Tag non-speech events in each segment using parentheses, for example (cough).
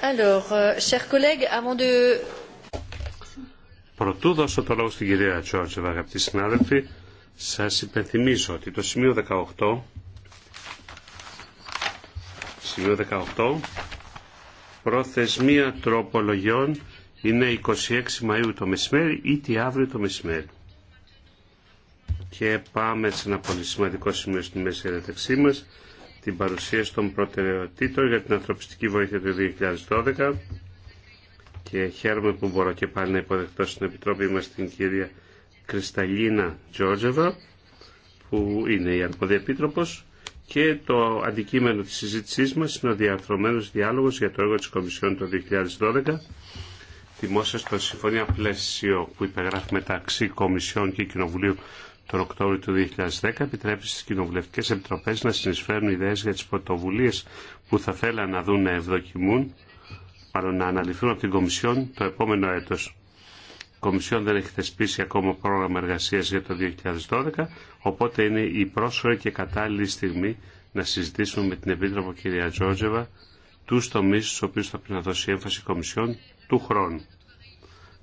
Alors, euh, chers collègues, avant de... Πρωτού δώσω το λόγο στην κυρία Τσόρτσεβα, αγαπητοί συνάδελφοι, Σα υπενθυμίζω ότι το σημείο 18, σημείο 18, προθεσμία τροπολογιών είναι 26 Μαΐου το μεσημέρι ή τι αύριο το μεσημέρι. Και πάμε σε ένα πολύ σημαντικό σημείο στην μέση διαταξή μα την παρουσίαση των προτεραιοτήτων για την ανθρωπιστική βοήθεια του 2012 και χαίρομαι που μπορώ και πάλι να υποδεχτώ στην Επιτροπή μας την κυρία Κρυσταλίνα Τζόρτζεβα που είναι η Αρμόδια και το αντικείμενο της συζήτησής μας είναι ο διαρθρωμένος διάλογος για το έργο της Κομισιόν το 2012 δημόσια στο Συμφωνία Πλαίσιο που υπεγράφει μεταξύ Κομισιόν και Κοινοβουλίου τον Οκτώβριο του 2010 επιτρέπει στις κοινοβουλευτικές επιτροπές να συνεισφέρουν ιδέες για τις πρωτοβουλίε που θα θέλαν να δουν να ευδοκιμούν, μάλλον να αναλυθούν από την Κομισιόν το επόμενο έτος. Η Κομισιόν δεν έχει θεσπίσει ακόμα πρόγραμμα εργασία για το 2012, οπότε είναι η πρόσφορη και κατάλληλη στιγμή να συζητήσουμε με την Επίτροπο κυρία Τζόρτζεβα τους τομείς στους οποίους θα πρέπει να δώσει έμφαση η Κομισιόν του χρόνου.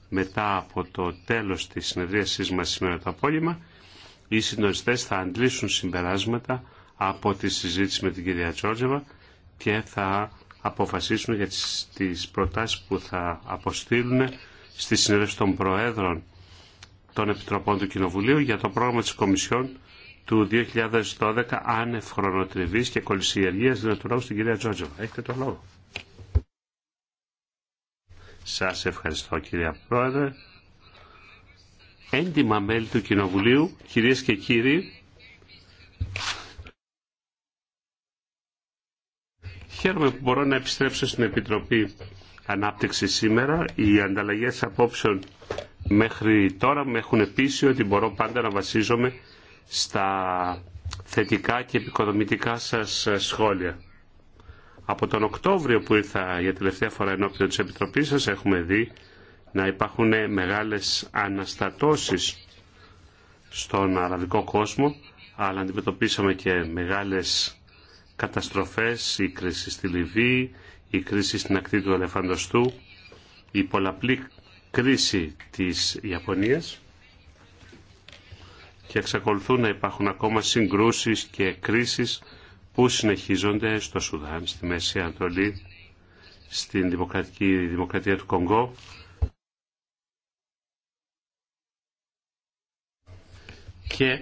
Μετά από το τέλος της συνεδρίασής μας σήμερα το απόγευμα, οι συντονιστέ θα αντλήσουν συμπεράσματα από τη συζήτηση με την κυρία Τσόρτζεβα και θα αποφασίσουν για τις, προτάσει προτάσεις που θα αποστείλουν στη συνέλευση των Προέδρων των Επιτροπών του Κοινοβουλίου για το πρόγραμμα της Κομισιόν του 2012 άνευ χρονοτριβής και κολυσιεργίας δυνατού λόγου στην κυρία Τζότζεβα. Έχετε το λόγο. Σας ευχαριστώ κυρία Πρόεδρε έντιμα μέλη του Κοινοβουλίου, κυρίες και κύριοι, χαίρομαι που μπορώ να επιστρέψω στην Επιτροπή Ανάπτυξη σήμερα. Οι ανταλλαγές απόψεων μέχρι τώρα με έχουν πείσει ότι μπορώ πάντα να βασίζομαι στα θετικά και επικοδομητικά σας σχόλια. Από τον Οκτώβριο που ήρθα για τελευταία φορά ενώπιον της Επιτροπής σας έχουμε δει να υπάρχουν μεγάλες αναστατώσεις στον αραβικό κόσμο, αλλά αντιμετωπίσαμε και μεγάλες καταστροφές, η κρίση στη Λιβύη, η κρίση στην ακτή του Αλεφαντοστού, η πολλαπλή κρίση της Ιαπωνίας και εξακολουθούν να υπάρχουν ακόμα συγκρούσεις και κρίσεις που συνεχίζονται στο Σουδάν, στη Μέση Ανατολή, στην δημοκρατική, δημοκρατία του Κονγκό και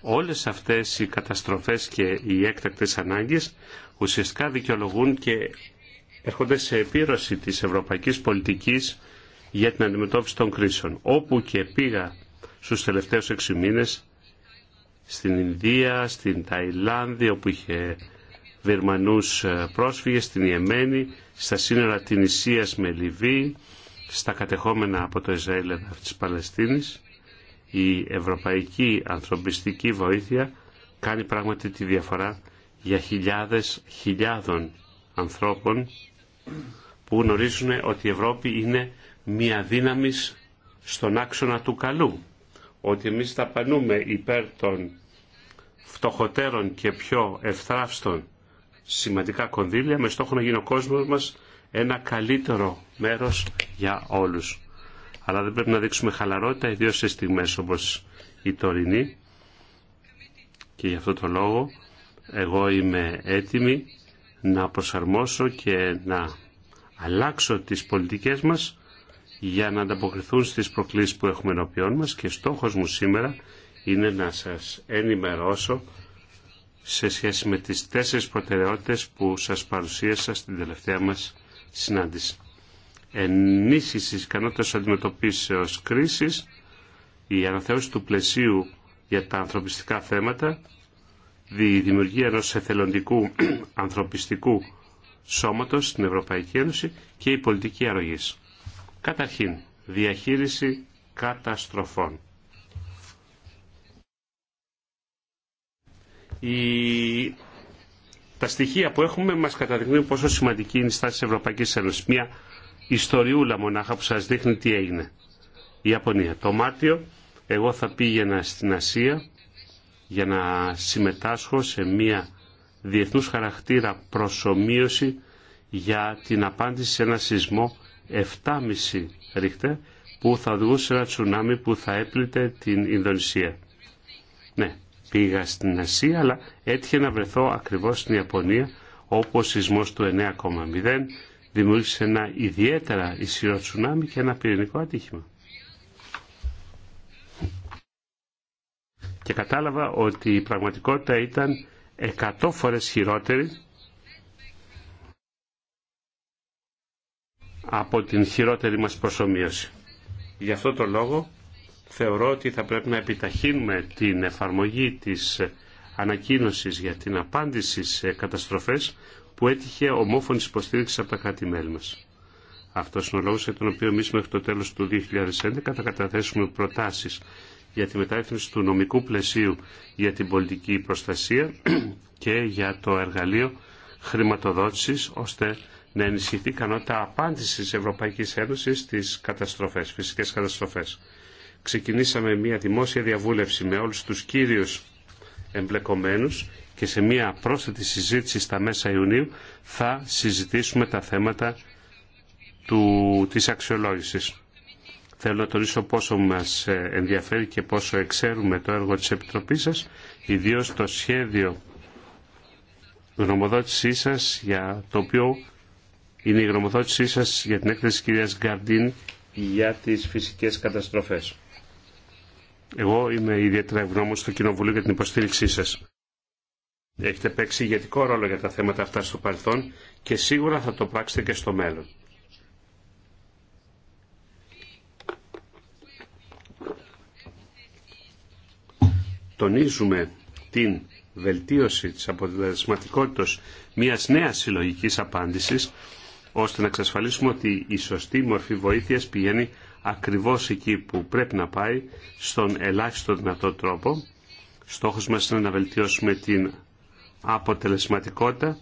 όλες αυτές οι καταστροφές και οι έκτακτες ανάγκες ουσιαστικά δικαιολογούν και έρχονται σε επίρρωση της ευρωπαϊκής πολιτικής για την αντιμετώπιση των κρίσεων. Όπου και πήγα στους τελευταίους έξι μήνες, στην Ινδία, στην Ταϊλάνδη, όπου είχε Βερμανούς ε, πρόσφυγες, στην Ιεμένη, στα σύνορα Τινησίας με Λιβύη, στα κατεχόμενα από το Ισραήλ ε, της Παλαιστίνης η ευρωπαϊκή ανθρωπιστική βοήθεια κάνει πράγματι τη διαφορά για χιλιάδες χιλιάδων ανθρώπων που γνωρίζουν ότι η Ευρώπη είναι μια δύναμη στον άξονα του καλού. Ότι εμείς τα πανούμε υπέρ των φτωχοτέρων και πιο ευθράφστων σημαντικά κονδύλια με στόχο να γίνει ο κόσμος μας ένα καλύτερο μέρος για όλους αλλά δεν πρέπει να δείξουμε χαλαρότητα, ιδίω σε στιγμές όπως η τωρινή. Και γι' αυτό το λόγο εγώ είμαι έτοιμη να προσαρμόσω και να αλλάξω τις πολιτικές μας για να ανταποκριθούν στις προκλήσεις που έχουμε ενώπιόν μας και στόχος μου σήμερα είναι να σας ενημερώσω σε σχέση με τις τέσσερις προτεραιότητες που σας παρουσίασα στην τελευταία μας συνάντηση ενίσχυσης ικανότητας αντιμετωπίσεως κρίσης, η αναθεώρηση του πλαισίου για τα ανθρωπιστικά θέματα, η δημιουργία ενός εθελοντικού (clears throat) ανθρωπιστικού σώματος στην Ευρωπαϊκή Ένωση και η πολιτική αρρωγής. Καταρχήν, διαχείριση καταστροφών. Η... Τα στοιχεία που έχουμε μας καταδεικνύουν πόσο σημαντική είναι η στάση της Ευρωπαϊκής Ένωσης. Μια ιστοριούλα μονάχα που σας δείχνει τι έγινε. Η Ιαπωνία. Το Μάρτιο εγώ θα πήγαινα στην Ασία για να συμμετάσχω σε μία διεθνούς χαρακτήρα προσωμείωση για την απάντηση σε ένα σεισμό 7,5 ρίχτε που θα οδηγούσε ένα τσουνάμι που θα έπλητε την Ινδονησία. Ναι, πήγα στην Ασία αλλά έτυχε να βρεθώ ακριβώς στην Ιαπωνία όπως ο σεισμός του 9,0 δημιούργησε ένα ιδιαίτερα ισχυρό τσουνάμι και ένα πυρηνικό ατύχημα. Και κατάλαβα ότι η πραγματικότητα ήταν 100 φορές χειρότερη από την χειρότερη μας προσωμείωση. Γι' αυτό το λόγο θεωρώ ότι θα πρέπει να επιταχύνουμε την εφαρμογή της ανακοίνωσης για την απάντηση σε καταστροφές που έτυχε ομόφωνη υποστήριξη από τα κράτη-μέλη μα. Αυτό είναι ο λόγο για τον οποίο εμεί μέχρι το τέλο του 2011 θα καταθέσουμε προτάσει για τη μετάρρυθμιση του νομικού πλαισίου για την πολιτική προστασία (clears throat) και για το εργαλείο χρηματοδότησης ώστε να ενισχυθεί η ικανότητα απάντηση τη Ευρωπαϊκή Ένωση στι καταστροφέ, φυσικέ καταστροφέ. Ξεκινήσαμε μια δημόσια διαβούλευση με όλου του κύριου εμπλεκομένους και σε μια πρόσθετη συζήτηση στα μέσα Ιουνίου θα συζητήσουμε τα θέματα του, της αξιολόγησης. Θέλω να τονίσω πόσο μας ε, ενδιαφέρει και πόσο εξέρουμε το έργο της Επιτροπής σας, ιδίως το σχέδιο γνωμοδότησή σας για το οποίο είναι η γνωμοδότησή σας για την έκθεση της κυρίας Γκαρντίν για τις φυσικές καταστροφές. Εγώ είμαι ιδιαίτερα ευγνώμων στο Κοινοβουλίο για την υποστήριξή σας. Έχετε παίξει ηγετικό ρόλο για τα θέματα αυτά στο παρελθόν και σίγουρα θα το πράξετε και στο μέλλον. Τονίζουμε την βελτίωση της αποτελεσματικότητας μιας νέας συλλογικής απάντησης ώστε να εξασφαλίσουμε ότι η σωστή μορφή βοήθειας πηγαίνει ακριβώς εκεί που πρέπει να πάει στον ελάχιστο δυνατό τρόπο. Στόχος μας είναι να βελτιώσουμε την αποτελεσματικότητα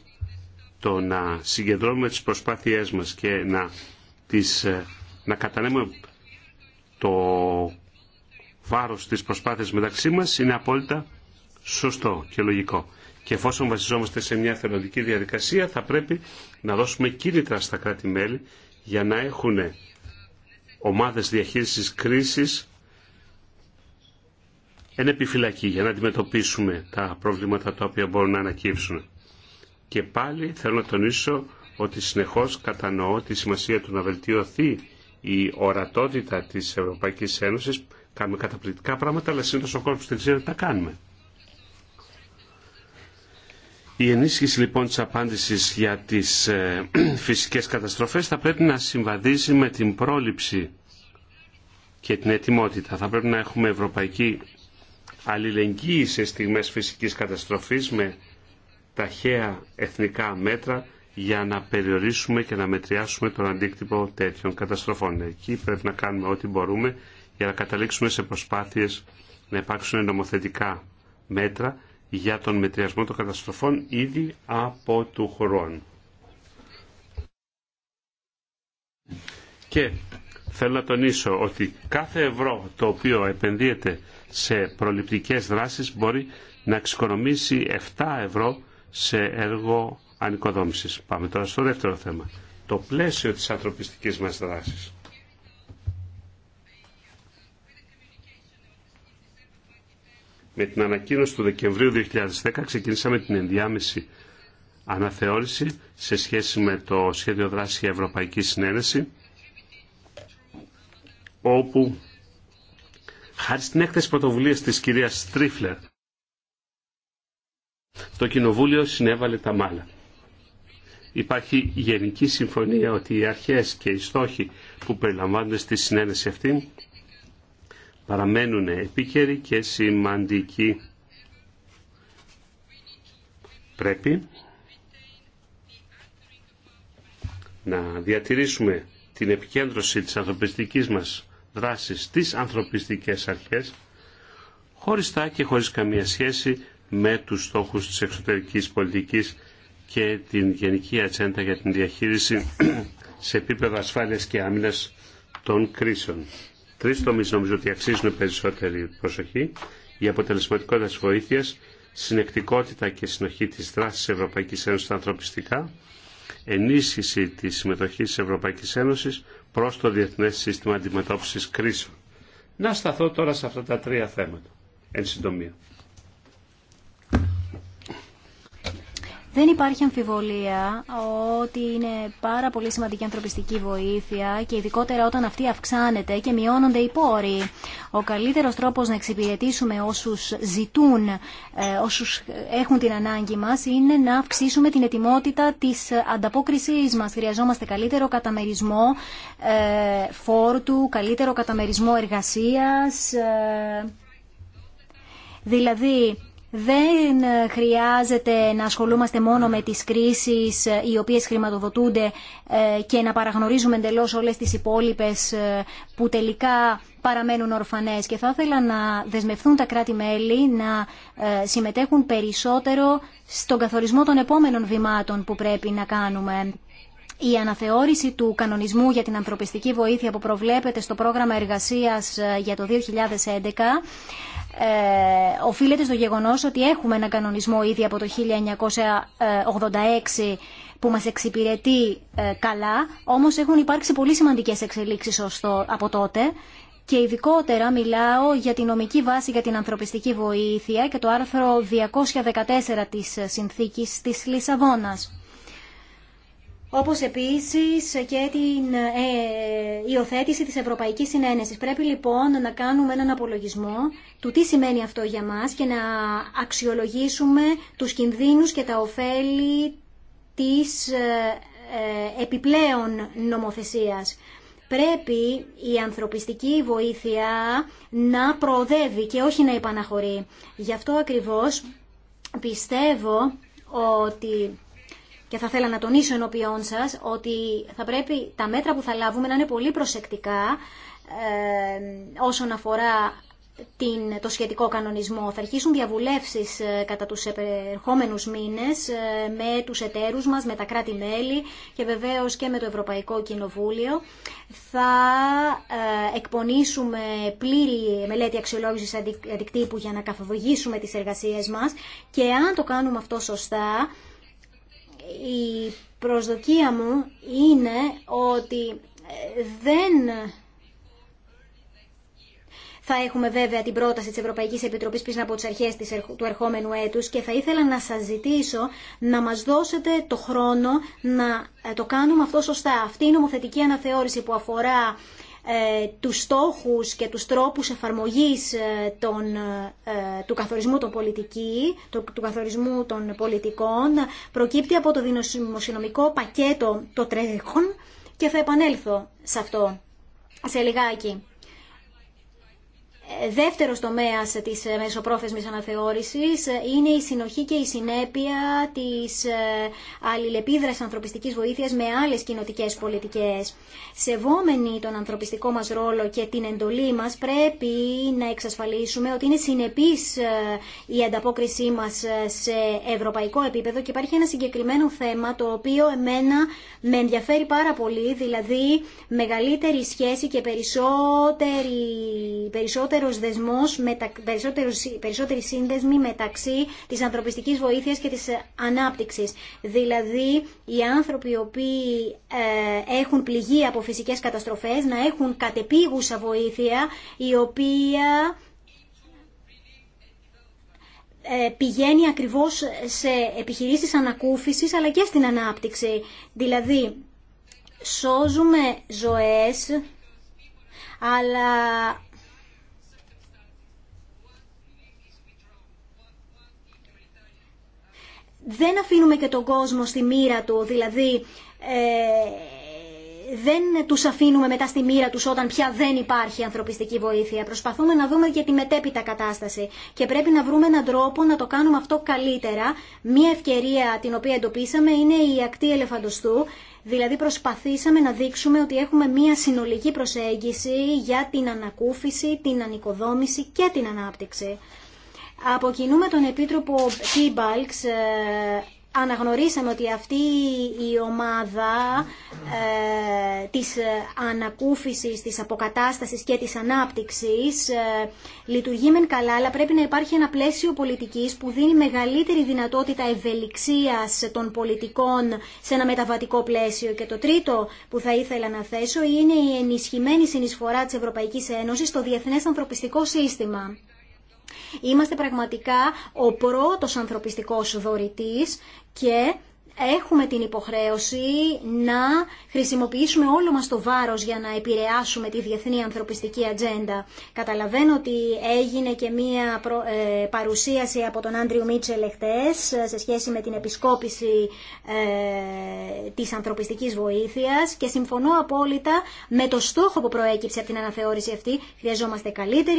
το να συγκεντρώνουμε τις προσπάθειές μας και να, τις, ε, να κατανέμουμε το βάρος της προσπάθειας μεταξύ μας είναι απόλυτα σωστό και λογικό. Και εφόσον βασιζόμαστε σε μια θελοντική διαδικασία θα πρέπει να δώσουμε κίνητρα στα κράτη-μέλη για να έχουν ομάδες διαχείρισης κρίσης εν επιφυλακή για να αντιμετωπίσουμε τα προβλήματα τα οποία μπορούν να ανακύψουν. Και πάλι θέλω να τονίσω ότι συνεχώς κατανοώ τη σημασία του να βελτιωθεί η ορατότητα της Ευρωπαϊκής Ένωσης. Κάνουμε καταπληκτικά πράγματα, αλλά συνήθως ο κόσμος δεν ξέρει τα κάνουμε. Η ενίσχυση λοιπόν της απάντησης για τις ε, (clears throat) φυσικές καταστροφές θα πρέπει να συμβαδίζει με την πρόληψη και την ετοιμότητα. Θα πρέπει να έχουμε ευρωπαϊκή αλληλεγγύη σε στιγμές φυσικής καταστροφής με ταχαία εθνικά μέτρα για να περιορίσουμε και να μετριάσουμε τον αντίκτυπο τέτοιων καταστροφών. Εκεί πρέπει να κάνουμε ό,τι μπορούμε για να καταλήξουμε σε προσπάθειες να υπάρξουν νομοθετικά μέτρα για τον μετριασμό των καταστροφών ήδη από του χρόνου. Και θέλω να τονίσω ότι κάθε ευρώ το οποίο επενδύεται σε προληπτικές δράσεις μπορεί να εξοικονομήσει 7 ευρώ σε έργο ανοικοδόμησης. Πάμε τώρα στο δεύτερο θέμα. Το πλαίσιο της ανθρωπιστικής μας δράσης. Με την ανακοίνωση του Δεκεμβρίου 2010 ξεκινήσαμε την ενδιάμεση αναθεώρηση σε σχέση με το σχέδιο δράση Ευρωπαϊκή Συνένεση όπου Χάρη στην έκθεση πρωτοβουλία της κυρίας Στρίφλερ, το Κοινοβούλιο συνέβαλε τα μάλα. Υπάρχει γενική συμφωνία ότι οι αρχές και οι στόχοι που περιλαμβάνονται στη συνένεση αυτή παραμένουν επίκαιροι και σημαντικοί. Πρέπει να διατηρήσουμε την επικέντρωση της ανθρωπιστικής μας δράσεις στις ανθρωπιστικές αρχές χωριστά και χωρίς καμία σχέση με τους στόχους της εξωτερικής πολιτικής και την γενική ατσέντα για την διαχείριση (clears throat) σε επίπεδο ασφάλειας και άμυνας των κρίσεων. Τρεις τομείς νομίζω ότι αξίζουν περισσότερη προσοχή. Η αποτελεσματικότητα της βοήθειας, συνεκτικότητα και συνοχή της δράσης Ευρωπαϊκής Ένωσης στα ανθρωπιστικά, ενίσχυση της συμμετοχής της Ευρωπαϊκής Ένωσης προς το Διεθνές Σύστημα Αντιμετώπισης Κρίσεων. Να σταθώ τώρα σε αυτά τα τρία θέματα, εν συντομία. Δεν υπάρχει αμφιβολία ότι είναι πάρα πολύ σημαντική ανθρωπιστική βοήθεια και ειδικότερα όταν αυτή αυξάνεται και μειώνονται οι πόροι. Ο καλύτερος τρόπος να εξυπηρετήσουμε όσους ζητούν, ε, όσους έχουν την ανάγκη μας, είναι να αυξήσουμε την ετοιμότητα της ανταπόκρισής μας. Χρειαζόμαστε καλύτερο καταμερισμό ε, φόρτου, καλύτερο καταμερισμό εργασίας. Ε, δηλαδή, δεν χρειάζεται να ασχολούμαστε μόνο με τις κρίσεις ε, οι οποίες χρηματοδοτούνται ε, και να παραγνωρίζουμε εντελώ όλες τις υπόλοιπες ε, που τελικά παραμένουν ορφανές. Και θα ήθελα να δεσμευθούν τα κράτη-μέλη να συμμετέχουν περισσότερο στον καθορισμό των επόμενων βημάτων που πρέπει να κάνουμε η αναθεώρηση του κανονισμού για την ανθρωπιστική βοήθεια που προβλέπεται στο πρόγραμμα εργασίας ε, για το 2011 ε, οφείλεται στο γεγονός ότι έχουμε ένα κανονισμό ήδη από το 1986 που μας εξυπηρετεί ε, καλά, όμως έχουν υπάρξει πολύ σημαντικές εξελίξεις από τότε και ειδικότερα μιλάω για τη νομική βάση για την ανθρωπιστική βοήθεια και το άρθρο 214 της Συνθήκης της Λισαβόνας όπως επίσης και την ε, υιοθέτηση της Ευρωπαϊκής Συνένεσης. Πρέπει λοιπόν να κάνουμε έναν απολογισμό του τι σημαίνει αυτό για μας και να αξιολογήσουμε τους κινδύνους και τα ωφέλη της ε, ε, επιπλέον νομοθεσίας. Πρέπει η ανθρωπιστική βοήθεια να προοδεύει και όχι να επαναχωρεί Γι' αυτό ακριβώς πιστεύω ότι και θα ήθελα να τονίσω ενώπιόν σας ότι θα πρέπει τα μέτρα που θα λάβουμε να είναι πολύ προσεκτικά ε, όσον αφορά την, το σχετικό κανονισμό. Θα αρχίσουν διαβουλεύσεις ε, κατά τους επερχόμενους μήνες ε, με τους εταίρους μας, με τα κράτη-μέλη και βεβαίως και με το Ευρωπαϊκό Κοινοβούλιο. Θα εκπονήσουμε πλήρη μελέτη αξιολόγησης αντικτύπου για να καθοδογήσουμε τις εργασίες μας και αν το κάνουμε αυτό σωστά η προσδοκία μου είναι ότι ε, δεν θα έχουμε βέβαια την πρόταση της Ευρωπαϊκής Επιτροπής πριν από τις αρχές του ερχόμενου έτους και θα ήθελα να σας ζητήσω να μας δώσετε το χρόνο να ε, το κάνουμε αυτό σωστά. Αυτή η νομοθετική αναθεώρηση που αφορά ε, τους στόχους και τους τρόπους εφαρμογής ε, ε, του καθορισμού των πολιτική, του, του καθορισμού των πολιτικών προκύπτει από το δημοσιονομικό πακέτο το τρέχον και θα επανέλθω σε αυτό σε λιγάκι δεύτερος τομέας της ε, μεσοπρόθεσμης αναθεώρησης ε, είναι η συνοχή και η συνέπεια της ε, αλληλεπίδρασης ανθρωπιστικής βοήθειας με άλλες κοινοτικές πολιτικές. Σεβόμενοι τον ανθρωπιστικό μας ρόλο και την εντολή μας πρέπει να εξασφαλίσουμε ότι είναι συνεπής η ανταπόκρισή μας σε ευρωπαϊκό επίπεδο και υπάρχει ένα συγκεκριμένο θέμα το οποίο εμένα με ενδιαφέρει πάρα πολύ, δηλαδή μεγαλύτερη σχέση και περισσότερη, περισσότερο περισσότερος δεσμός, μετα, περισσότερη σύνδεσμη μεταξύ της ανθρωπιστικής βοήθειας και της ανάπτυξης. Δηλαδή, οι άνθρωποι οι οποίοι ε, έχουν πληγεί από φυσικές καταστροφές, να έχουν κατεπίγουσα βοήθεια, η οποία ε, πηγαίνει ακριβώς σε επιχειρήσεις ανακούφισης αλλά και στην ανάπτυξη. Δηλαδή, σώζουμε ζωές, αλλά δεν αφήνουμε και τον κόσμο στη μοίρα του, δηλαδή ε, δεν τους αφήνουμε μετά στη μοίρα τους όταν πια δεν υπάρχει ανθρωπιστική βοήθεια. Προσπαθούμε να δούμε και τη μετέπειτα κατάσταση και πρέπει να βρούμε έναν τρόπο να το κάνουμε αυτό καλύτερα. Μία ευκαιρία την οποία εντοπίσαμε είναι η ακτή ελεφαντοστού, δηλαδή προσπαθήσαμε να δείξουμε ότι έχουμε μία συνολική προσέγγιση για την ανακούφιση, την ανοικοδόμηση και την ανάπτυξη. Αποκινούμε τον Επίτροπο Τίμπαλξ. Ε, αναγνωρίσαμε ότι αυτή η ομάδα ε, της ε, ανακούφισης, της αποκατάστασης και της ανάπτυξης ε, λειτουργεί μεν καλά, αλλά πρέπει να υπάρχει ένα πλαίσιο πολιτικής που δίνει μεγαλύτερη δυνατότητα ευελιξίας των πολιτικών σε ένα μεταβατικό πλαίσιο. Και το τρίτο που θα ήθελα να θέσω είναι η ενισχυμένη συνεισφορά της Ευρωπαϊκής Ένωσης στο Διεθνές Ανθρωπιστικό Σύστημα. Είμαστε πραγματικά ο πρώτος ανθρωπιστικός δωρητής και έχουμε την υποχρέωση να χρησιμοποιήσουμε όλο μας το βάρος για να επηρεάσουμε τη διεθνή ανθρωπιστική ατζέντα. Καταλαβαίνω ότι έγινε και μία ε, παρουσίαση από τον Άντριου Μίτσελ εχθές ε, σε σχέση με την επισκόπηση ε, της ανθρωπιστικής βοήθειας και συμφωνώ απόλυτα με το στόχο που προέκυψε από την αναθεώρηση αυτή. Χρειαζόμαστε καλύτερη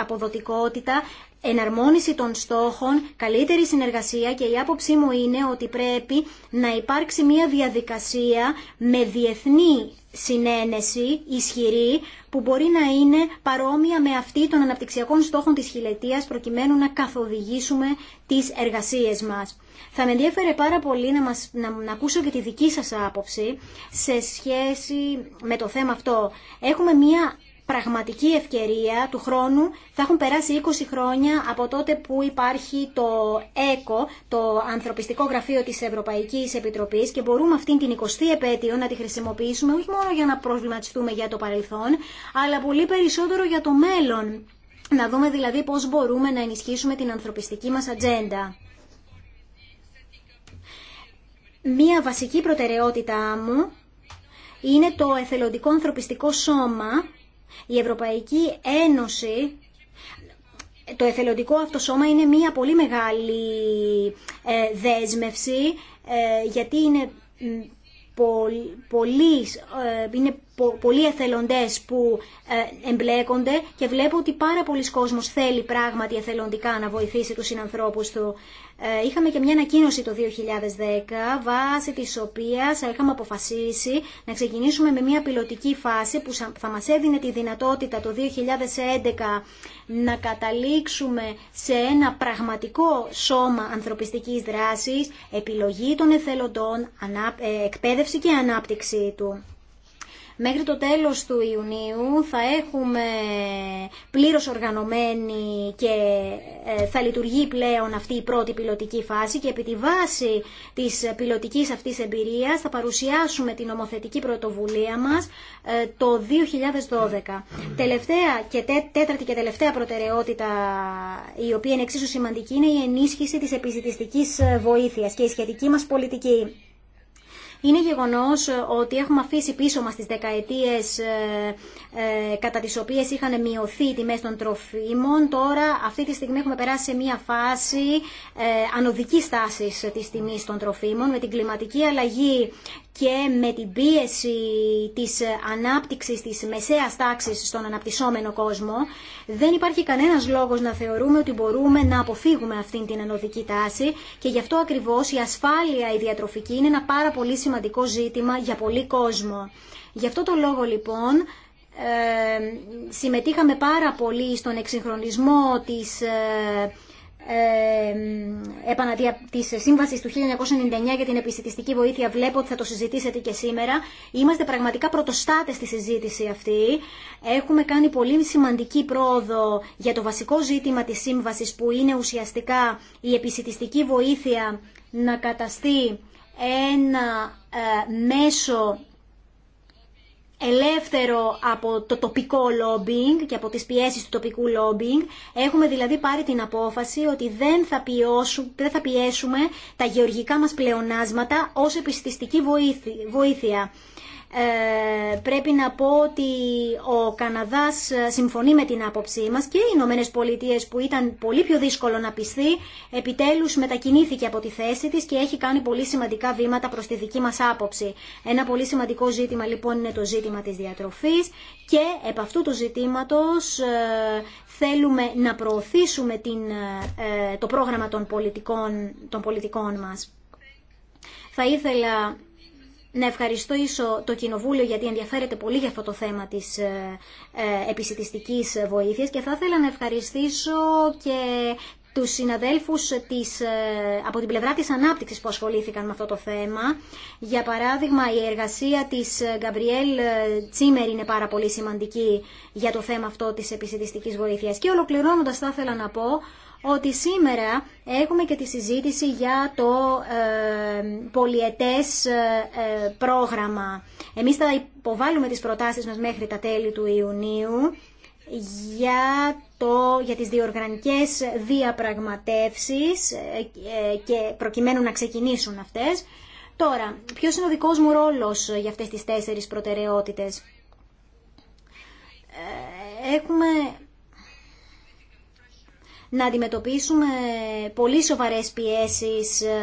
αποδοτικότητα, εναρμόνιση των στόχων, καλύτερη συνεργασία και η άποψή μου είναι ότι πρέπει να υπάρξει μια διαδικασία με διεθνή συνένεση ισχυρή που μπορεί να είναι παρόμοια με αυτή των αναπτυξιακών στόχων της χιλετίας προκειμένου να καθοδηγήσουμε τις εργασίες μας. Θα με ενδιαφέρε πάρα πολύ να, μας, να, να ακούσω και τη δική σας άποψη σε σχέση με το θέμα αυτό. Έχουμε μια πραγματική ευκαιρία του χρόνου. Θα έχουν περάσει 20 χρόνια από τότε που υπάρχει το ΕΚΟ, το Ανθρωπιστικό Γραφείο της Ευρωπαϊκής Επιτροπής και μπορούμε αυτήν την 20η επέτειο να τη χρησιμοποιήσουμε όχι μόνο για να προβληματιστούμε για το παρελθόν, αλλά πολύ περισσότερο για το μέλλον. Να δούμε δηλαδή πώς μπορούμε να ενισχύσουμε την ανθρωπιστική μας ατζέντα. Μία βασική προτεραιότητά μου είναι το εθελοντικό ανθρωπιστικό σώμα η Ευρωπαϊκή Ένωση το εθελοντικό αυτό σώμα είναι μια πολύ μεγάλη ε, δέσμευση ε, γιατί είναι πολύ, ε, είναι πολλοί εθελοντές που ε, εμπλέκονται και βλέπω ότι πάρα πολλοί κόσμος θέλει πράγματι εθελοντικά να βοηθήσει τους συνανθρώπους του. Ε, είχαμε και μια ανακοίνωση το 2010 βάσει της οποίας είχαμε αποφασίσει να ξεκινήσουμε με μια πιλωτική φάση που θα μας έδινε τη δυνατότητα το 2011 να καταλήξουμε σε ένα πραγματικό σώμα ανθρωπιστικής δράσης, επιλογή των εθελοντών, ε, εκπαίδευση και ανάπτυξη του. Μέχρι το τέλος του Ιουνίου θα έχουμε πλήρως οργανωμένη και ε, θα λειτουργεί πλέον αυτή η πρώτη πιλωτική φάση και επί τη βάση της πιλωτικής αυτής εμπειρίας θα παρουσιάσουμε την νομοθετική πρωτοβουλία μας ε, το 2012. Τελευταία και τέταρτη και τελευταία προτεραιότητα η οποία είναι εξίσου σημαντική είναι η ενίσχυση της επιζητιστικής ε, βοήθειας και η σχετική μας πολιτική είναι γεγονός ε, ότι έχουμε αφήσει πίσω μας τις δεκαετίες ε, ε, κατά τις οποίες είχαν μειωθεί οι τιμές των τροφίμων. Τώρα αυτή τη στιγμή έχουμε περάσει σε μια φάση ανωδικής τάσης της τιμής των τροφίμων με την κλιματική αλλαγή και με την πίεση της ανάπτυξης της μεσαίας τάξης στον αναπτυσσόμενο κόσμο, δεν υπάρχει κανένας λόγος να θεωρούμε ότι μπορούμε να αποφύγουμε αυτήν την ενωδική τάση και γι' αυτό ακριβώς η ασφάλεια η διατροφική είναι ένα πάρα πολύ σημαντικό ζήτημα για πολύ κόσμο. Γι' αυτό το λόγο λοιπόν ε, συμμετείχαμε πάρα πολύ στον εξυγχρονισμό της ε, επαναδια... της Σύμβασης του 1999 για την επιστημιστική βοήθεια βλέπω ότι θα το συζητήσετε και σήμερα. Είμαστε πραγματικά πρωτοστάτες στη συζήτηση αυτή. Έχουμε κάνει πολύ σημαντική πρόοδο για το βασικό ζήτημα της Σύμβασης που είναι ουσιαστικά η επιστημιστική βοήθεια να καταστεί ένα ε, μέσο ελεύθερο από το τοπικό lobbying και από τις πιέσεις του τοπικού lobbying. Έχουμε δηλαδή πάρει την απόφαση ότι δεν θα, δεν θα πιέσουμε τα γεωργικά μας πλεονάσματα ως επιστηστική βοήθεια. Ε, πρέπει να πω ότι ο Καναδάς ε, συμφωνεί με την άποψή μας και οι Ηνωμένε Πολιτείε που ήταν πολύ πιο δύσκολο να πιστεί επιτέλους μετακινήθηκε από τη θέση της και έχει κάνει πολύ σημαντικά βήματα προς τη δική μας άποψη. Ένα πολύ σημαντικό ζήτημα λοιπόν είναι το ζήτημα της διατροφής και επ' αυτού του ζητήματος ε, θέλουμε να προωθήσουμε την, ε, το πρόγραμμα των πολιτικών, των πολιτικών μας. Θα ήθελα να ευχαριστήσω το Κοινοβούλιο γιατί ενδιαφέρεται πολύ για αυτό το θέμα της ε, ε, επισητιστικής βοήθειας και θα ήθελα να ευχαριστήσω και τους συναδέλφους της, ε, από την πλευρά της ανάπτυξης που ασχολήθηκαν με αυτό το θέμα. Για παράδειγμα, η εργασία της Γκαμπριέλ Τσίμερ είναι πάρα πολύ σημαντική για το θέμα αυτό της επισητιστικής βοήθειας. Και ολοκληρώνοντας θα ήθελα να πω ότι σήμερα έχουμε και τη συζήτηση για το ε, πολιετές ε, ε, πρόγραμμα. Εμείς θα υποβάλουμε τις προτάσεις μας μέχρι τα τέλη του Ιουνίου για, το, για τις διοργανικές διαπραγματεύσεις και προκειμένου να ξεκινήσουν αυτές. Τώρα, ποιος είναι ο δικός μου ρόλος για αυτές τις τέσσερις προτεραιότητες. Έχουμε να αντιμετωπίσουμε πολύ σοβαρές πιέσεις ε,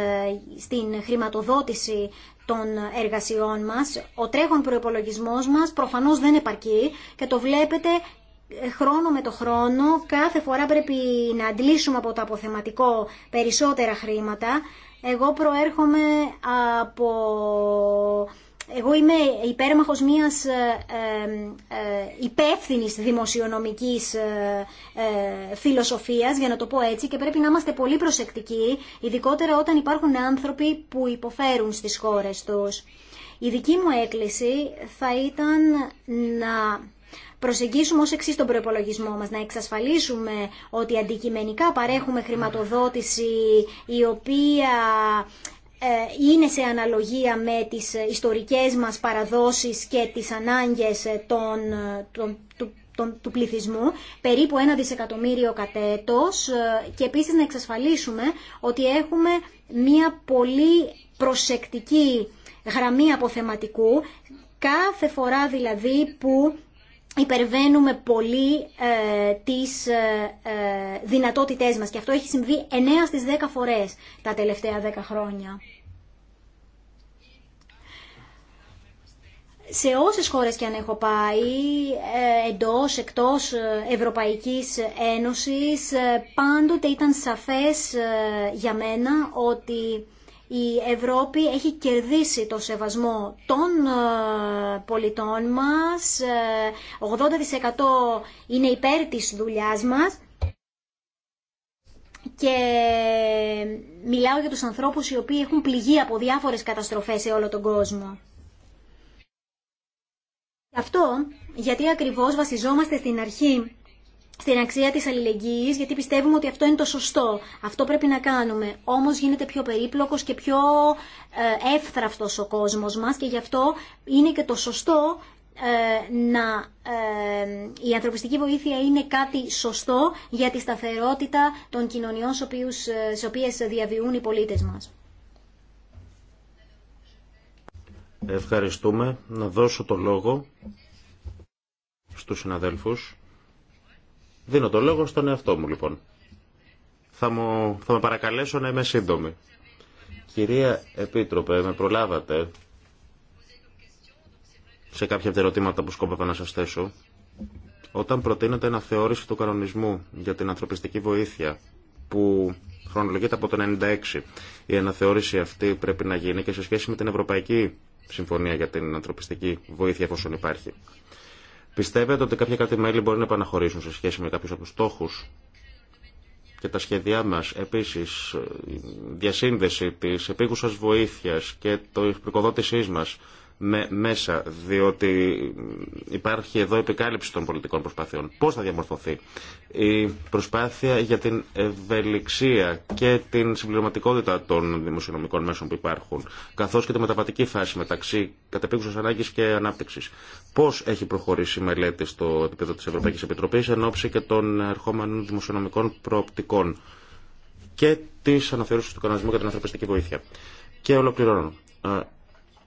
στην χρηματοδότηση των εργασιών μας. Ο τρέχον προϋπολογισμός μας προφανώς δεν επαρκεί και το βλέπετε ε, χρόνο με το χρόνο. Κάθε φορά πρέπει να αντλήσουμε από το αποθεματικό περισσότερα χρήματα. Εγώ προέρχομαι από εγώ είμαι υπέρμαχος μιας ε, ε, υπεύθυνης δημοσιονομικής ε, φιλοσοφίας, για να το πω έτσι, και πρέπει να είμαστε πολύ προσεκτικοί, ειδικότερα όταν υπάρχουν άνθρωποι που υποφέρουν στις χώρες τους. Η δική μου έκκληση θα ήταν να προσεγγίσουμε ως εξής τον προπολογισμό μας, να εξασφαλίσουμε ότι αντικειμενικά παρέχουμε χρηματοδότηση η οποία ε, είναι σε αναλογία με τις ε, ιστορικές μας παραδόσεις και τις ανάγκες ε, των, του, του πληθυσμού, περίπου ένα δισεκατομμύριο κατέτος και επίσης να εξασφαλίσουμε ότι έχουμε μια πολύ προσεκτική γραμμή αποθεματικού, κάθε φορά δηλαδή που υπερβαίνουμε πολύ ε, τις ε, δυνατότητές μας. Και αυτό έχει συμβεί 9 στις 10 φορές τα τελευταία 10 χρόνια. σε όσες χώρες και αν έχω πάει, ε, εντός, εκτός ε, Ευρωπαϊκής Ένωσης, ε, πάντοτε ήταν σαφές για μένα ότι η Ευρώπη έχει κερδίσει το σεβασμό των πολιτών μας, 80% είναι υπέρ της δουλειάς μας και μιλάω για τους ανθρώπους οι οποίοι έχουν πληγεί από διάφορες καταστροφές σε όλο τον κόσμο. Αυτό γιατί ακριβώς βασιζόμαστε στην αρχή στην αξία της αλληλεγγύης, γιατί πιστεύουμε ότι αυτό είναι το σωστό. Αυτό πρέπει να κάνουμε. Όμως γίνεται πιο περίπλοκος και πιο ε, εύθραυτος ο κόσμος μας και γι' αυτό είναι και το σωστό ε, να ε, η ανθρωπιστική βοήθεια είναι κάτι σωστό για τη σταθερότητα των κοινωνιών σε οποίες διαβιούν οι πολίτες μας. Ευχαριστούμε. Να δώσω το λόγο στους συναδέλφους. Δίνω το λόγο στον εαυτό μου λοιπόν. Θα, μου, θα με παρακαλέσω να είμαι σύντομη. Κυρία Επίτροπε, με προλάβατε σε κάποια από τα ερωτήματα που σκόπευα να σας θέσω. Όταν προτείνεται αναθεώρηση του κανονισμού για την ανθρωπιστική βοήθεια που χρονολογείται από το 1996, η αναθεώρηση αυτή πρέπει να γίνει και σε σχέση με την ευρωπαϊκή συμφωνία για την ανθρωπιστική βοήθεια εφόσον υπάρχει. Πιστεύετε ότι κάποια κράτη-μέλη μπορεί να επαναχωρήσουν σε σχέση με κάποιου από του στόχου και τα σχέδιά μας επίσης διασύνδεση της επίγουσας βοήθειας και το οικοδότησής μας με μέσα, διότι υπάρχει εδώ επικάλυψη των πολιτικών προσπαθειών. Πώς θα διαμορφωθεί η προσπάθεια για την ευελιξία και την συμπληρωματικότητα των δημοσιονομικών μέσων που υπάρχουν, καθώς και τη μεταβατική φάση μεταξύ κατεπίγουσας ανάγκης και ανάπτυξης. Πώς έχει προχωρήσει η μελέτη στο επίπεδο της Ευρωπαϊκής Επιτροπής εν ώψη και των ερχόμενων δημοσιονομικών προοπτικών και της αναθεώρησης του κανονισμού για την ανθρωπιστική βοήθεια. Και ολοκληρώνω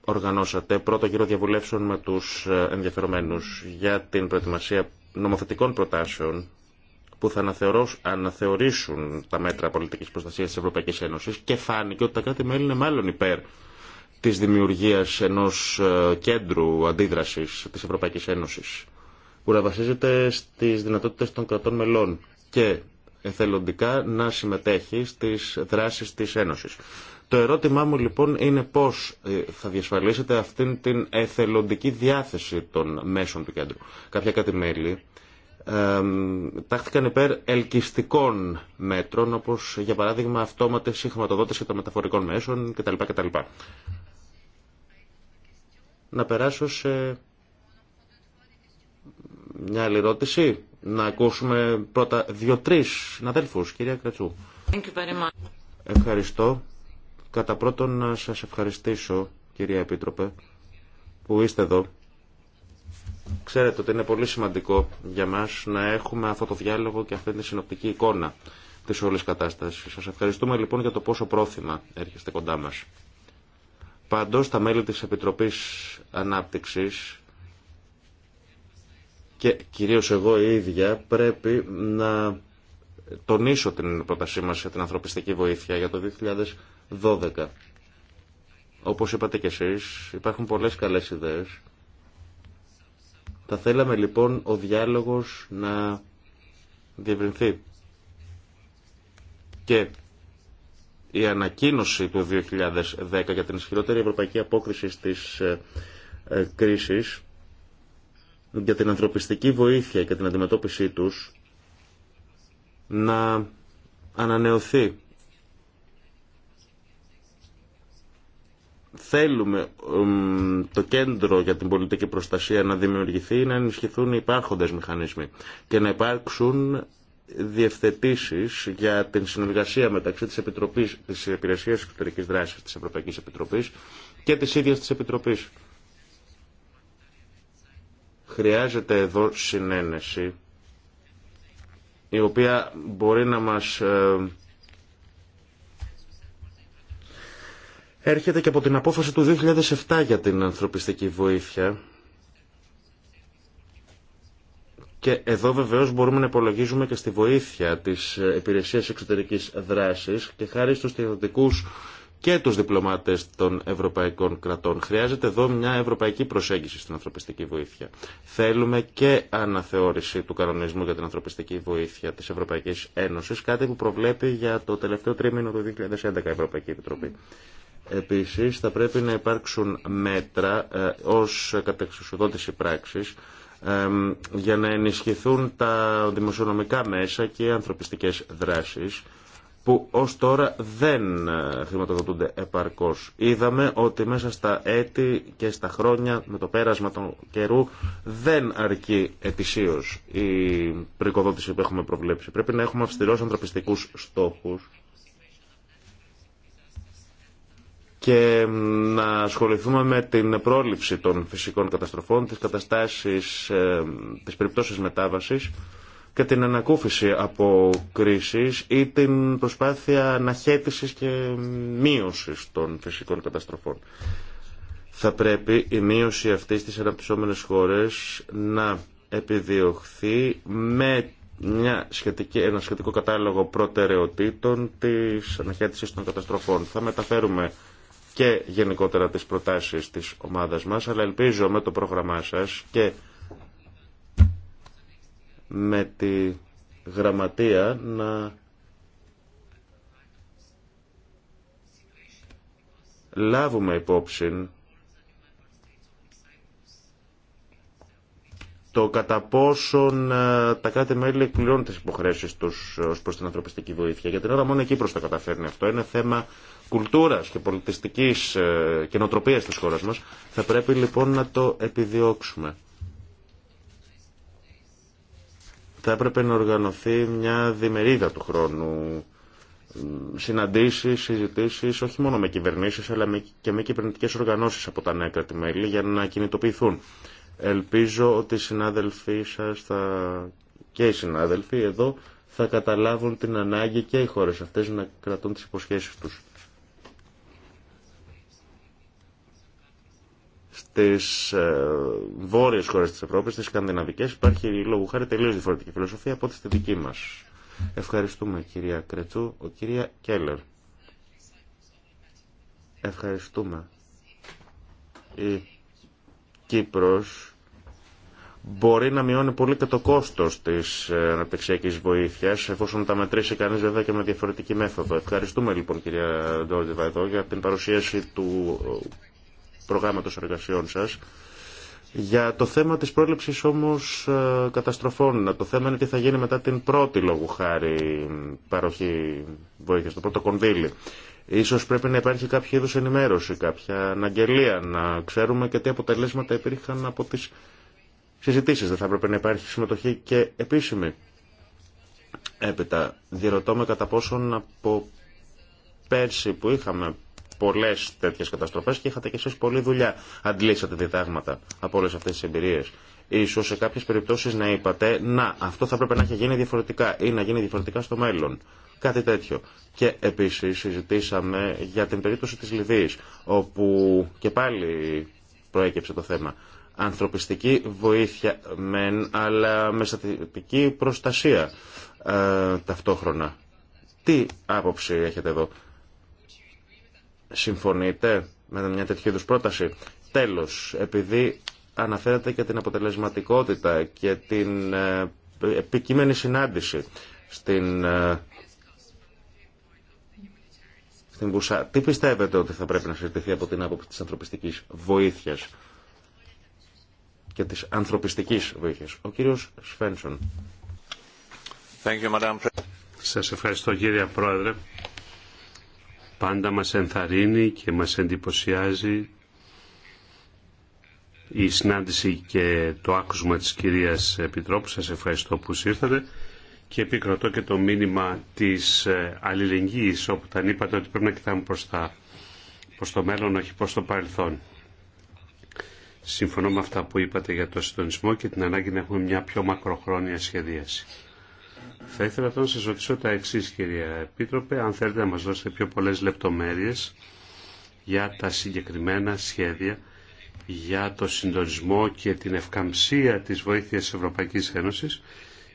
οργανώσατε πρώτο γύρο διαβουλεύσεων με τους ε, ενδιαφερομένους για την προετοιμασία νομοθετικών προτάσεων που θα αναθεωρήσουν τα μέτρα πολιτικής προστασίας της Ευρωπαϊκής Ένωσης και φάνηκε ότι τα κράτη-μέλη είναι μάλλον υπέρ της δημιουργίας ενός ε, κέντρου αντίδρασης της Ευρωπαϊκής Ένωσης που να βασίζεται στις δυνατότητες των κρατών μελών και εθελοντικά να συμμετέχει στις δράσεις της Ένωσης. Το ερώτημά μου λοιπόν είναι πώς ε, θα διασφαλίσετε αυτήν την εθελοντική διάθεση των μέσων του κέντρου. Κάποια κάτι μέλη τάχθηκαν υπέρ ελκυστικών μέτρων, όπως για παράδειγμα αυτόματες η χρηματοδότηση των μεταφορικών μέσων κτλ. κτλ. Να περάσω σε μια άλλη ερώτηση. Να ακούσουμε πρώτα δύο-τρεις συναδέλφους, κυρία Κρατσού. Ευχαριστώ. Κατά πρώτον να σας ευχαριστήσω κυρία Επίτροπε που είστε εδώ. Ξέρετε ότι είναι πολύ σημαντικό για μας να έχουμε αυτό το διάλογο και αυτή τη συνοπτική εικόνα της όλης κατάστασης. Σας ευχαριστούμε λοιπόν για το πόσο πρόθυμα έρχεστε κοντά μας. Πάντως τα μέλη της Επιτροπής Ανάπτυξης και κυρίως εγώ η ίδια πρέπει να τονίσω την πρότασή μας για την ανθρωπιστική βοήθεια για το 12. Όπως είπατε και εσείς, υπάρχουν πολλές καλές ιδέες. Θα θέλαμε λοιπόν ο διάλογος να διευρυνθεί. Και η ανακοίνωση του 2010 για την ισχυρότερη ευρωπαϊκή απόκριση στις ε, ε, κρίσεις για την ανθρωπιστική βοήθεια και την αντιμετώπιση τους να ανανεωθεί θέλουμε το κέντρο για την πολιτική προστασία να δημιουργηθεί, να ενισχυθούν οι υπάρχοντες μηχανισμοί και να υπάρξουν διευθετήσεις για την συνεργασία μεταξύ της, Επιτροπής, της Υπηρεσίας Εξωτερικής Δράσης της Ευρωπαϊκής Επιτροπής και της ίδιας της Επιτροπής. Χρειάζεται εδώ συνένεση η οποία μπορεί να μας ε, έρχεται και από την απόφαση του 2007 για την ανθρωπιστική βοήθεια. Και εδώ βεβαίω μπορούμε να υπολογίζουμε και στη βοήθεια τη Υπηρεσία Εξωτερική Δράση και χάρη στου θεωρητικού και του διπλωμάτε των ευρωπαϊκών κρατών. Χρειάζεται εδώ μια ευρωπαϊκή προσέγγιση στην ανθρωπιστική βοήθεια. Θέλουμε και αναθεώρηση του κανονισμού για την ανθρωπιστική βοήθεια τη Ευρωπαϊκή Ένωση, κάτι που προβλέπει για το τελευταίο τρίμηνο του 2011 η Ευρωπαϊκή Επιτροπή. Επίσης θα πρέπει να υπάρξουν μέτρα ε, ως κατεξουσιοδότηση πράξης ε, για να ενισχυθούν τα δημοσιονομικά μέσα και οι ανθρωπιστικές δράσεις που ως τώρα δεν ε, χρηματοδοτούνται επαρκώς. Είδαμε ότι μέσα στα έτη και στα χρόνια με το πέρασμα των καιρού δεν αρκεί ετησίως η πρικοδότηση που έχουμε προβλέψει. Πρέπει να έχουμε αυστηρός ανθρωπιστικούς στόχους και να ασχοληθούμε με την πρόληψη των φυσικών καταστροφών, τις καταστάσεις, ε, τις περιπτώσεις μετάβασης και την ανακούφιση από κρίσεις ή την προσπάθεια αναχέτησης και μείωσης των φυσικών καταστροφών. Θα πρέπει η μείωση αυτή στις αναπτυσσόμενες χώρες να επιδιωχθεί με μια σχετική, ένα σχετικό κατάλογο προτεραιοτήτων της αναχέτησης των καταστροφών. Θα μεταφέρουμε και γενικότερα τις προτάσεις της ομάδας μας, αλλά ελπίζω με το πρόγραμμά σας και με τη γραμματεία να λάβουμε υπόψη το κατά πόσον ε, τα κράτη-μέλη εκπληρώνουν τις υποχρέσεις τους ως προς την ανθρωπιστική βοήθεια. Για την ώρα μόνο εκεί προς τα καταφέρνει αυτό. Είναι θέμα κουλτούρας και πολιτιστικής ε, καινοτροπίας της χώρας μας. Θα πρέπει λοιπόν να το επιδιώξουμε. Θα έπρεπε να οργανωθεί μια διμερίδα του χρόνου συναντήσεις, συζητήσεις, όχι μόνο με κυβερνήσεις, αλλά και με κυβερνητικές οργανώσεις από τα νέα κράτη-μέλη για να κινητοποιηθούν. Ελπίζω ότι οι συνάδελφοί σας θα... και οι συνάδελφοι εδώ θα καταλάβουν την ανάγκη και οι χώρες αυτές να κρατούν τις υποσχέσεις τους. στις ε, βόρειες χώρες της Ευρώπης, στις σκανδιναβικές, υπάρχει λόγω χάρη τελείως διαφορετική φιλοσοφία από τη στη δική μας. Ευχαριστούμε κυρία Κρετσού, ο κυρία Κέλλερ. Ευχαριστούμε. Η Κύπρος μπορεί να μειώνει πολύ και το κόστος της ε, αναπτυξιακής βοήθειας εφόσον τα μετρήσει κανείς βέβαια και με διαφορετική μέθοδο. Ευχαριστούμε λοιπόν κυρία Ντόρτιβα εδώ για την παρουσίαση του προγράμματος εργασιών σας. Για το θέμα της πρόληψης όμως ε, καταστροφών, το θέμα είναι τι θα γίνει μετά την πρώτη λόγου χάρη παροχή βοήθειας, το πρώτο κονδύλι. Ίσως πρέπει να υπάρχει κάποια είδους ενημέρωση, κάποια αναγγελία, να ξέρουμε και τι αποτελέσματα υπήρχαν από τις συζητήσεις. Δεν θα έπρεπε να υπάρχει συμμετοχή και επίσημη. Έπειτα, διερωτώ με κατά πόσον από πέρσι που είχαμε πολλέ τέτοιε καταστροφέ και είχατε κι εσεί πολλή δουλειά. Αντλήσατε διδάγματα από όλε αυτέ τι εμπειρίε. Ίσως σε κάποιε περιπτώσει να είπατε, να, αυτό θα έπρεπε να έχει γίνει διαφορετικά ή να γίνει διαφορετικά στο μέλλον. Κάτι τέτοιο. Και επίση συζητήσαμε για την περίπτωση τη Λιβύη, όπου και πάλι προέκυψε το θέμα. Ανθρωπιστική βοήθεια μεν, αλλά με στατιστική προστασία ε, ταυτόχρονα. Τι άποψη έχετε εδώ. Συμφωνείτε με μια τέτοια είδου πρόταση. Τέλος, επειδή αναφέρατε και την αποτελεσματικότητα και την ε, επικείμενη συνάντηση στην, ε, στην Βουσά. Τι πιστεύετε ότι θα πρέπει να συζητηθεί από την άποψη της ανθρωπιστικής βοήθειας και της ανθρωπιστικής βοήθειας. Ο κύριος Σφένσον. Thank Σας ευχαριστώ κύριε Πρόεδρε πάντα μας ενθαρρύνει και μας εντυπωσιάζει η συνάντηση και το άκουσμα της κυρίας Επιτρόπου. Σας ευχαριστώ που ήρθατε και επικροτώ και το μήνυμα της ε, αλληλεγγύης όπου τα είπατε ότι πρέπει να κοιτάμε προς, τα, προς το μέλλον όχι προς το παρελθόν. Συμφωνώ με αυτά που είπατε για το συντονισμό και την ανάγκη να έχουμε μια πιο μακροχρόνια σχεδίαση. Θα ήθελα τώρα να σας ρωτήσω τα εξής κυρία Επίτροπε, αν θέλετε να μας δώσετε πιο πολλές λεπτομέρειες για τα συγκεκριμένα σχέδια για το συντονισμό και την ευκαμψία της βοήθειας της Ευρωπαϊκής Ένωσης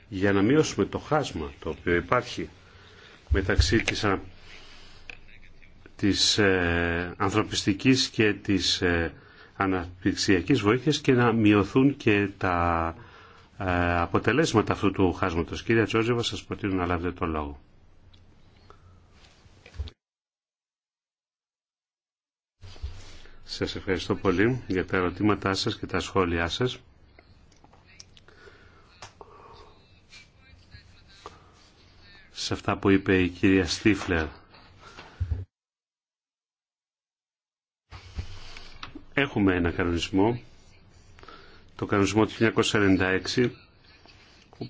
για να μειώσουμε το χάσμα το οποίο υπάρχει μεταξύ της, της ε, ανθρωπιστικής και της ε, αναπτυξιακής βοήθειας και να μειωθούν και τα ε, αποτελέσματα αυτού του χάσματος. Κύριε Τσόζεβα, σας προτείνω να λάβετε το λόγο. Σας ευχαριστώ πολύ για τα ερωτήματά σας και τα σχόλιά σας. Σε αυτά που είπε η κυρία Στίφλερ. Έχουμε ένα κανονισμό το κανονισμό του 1996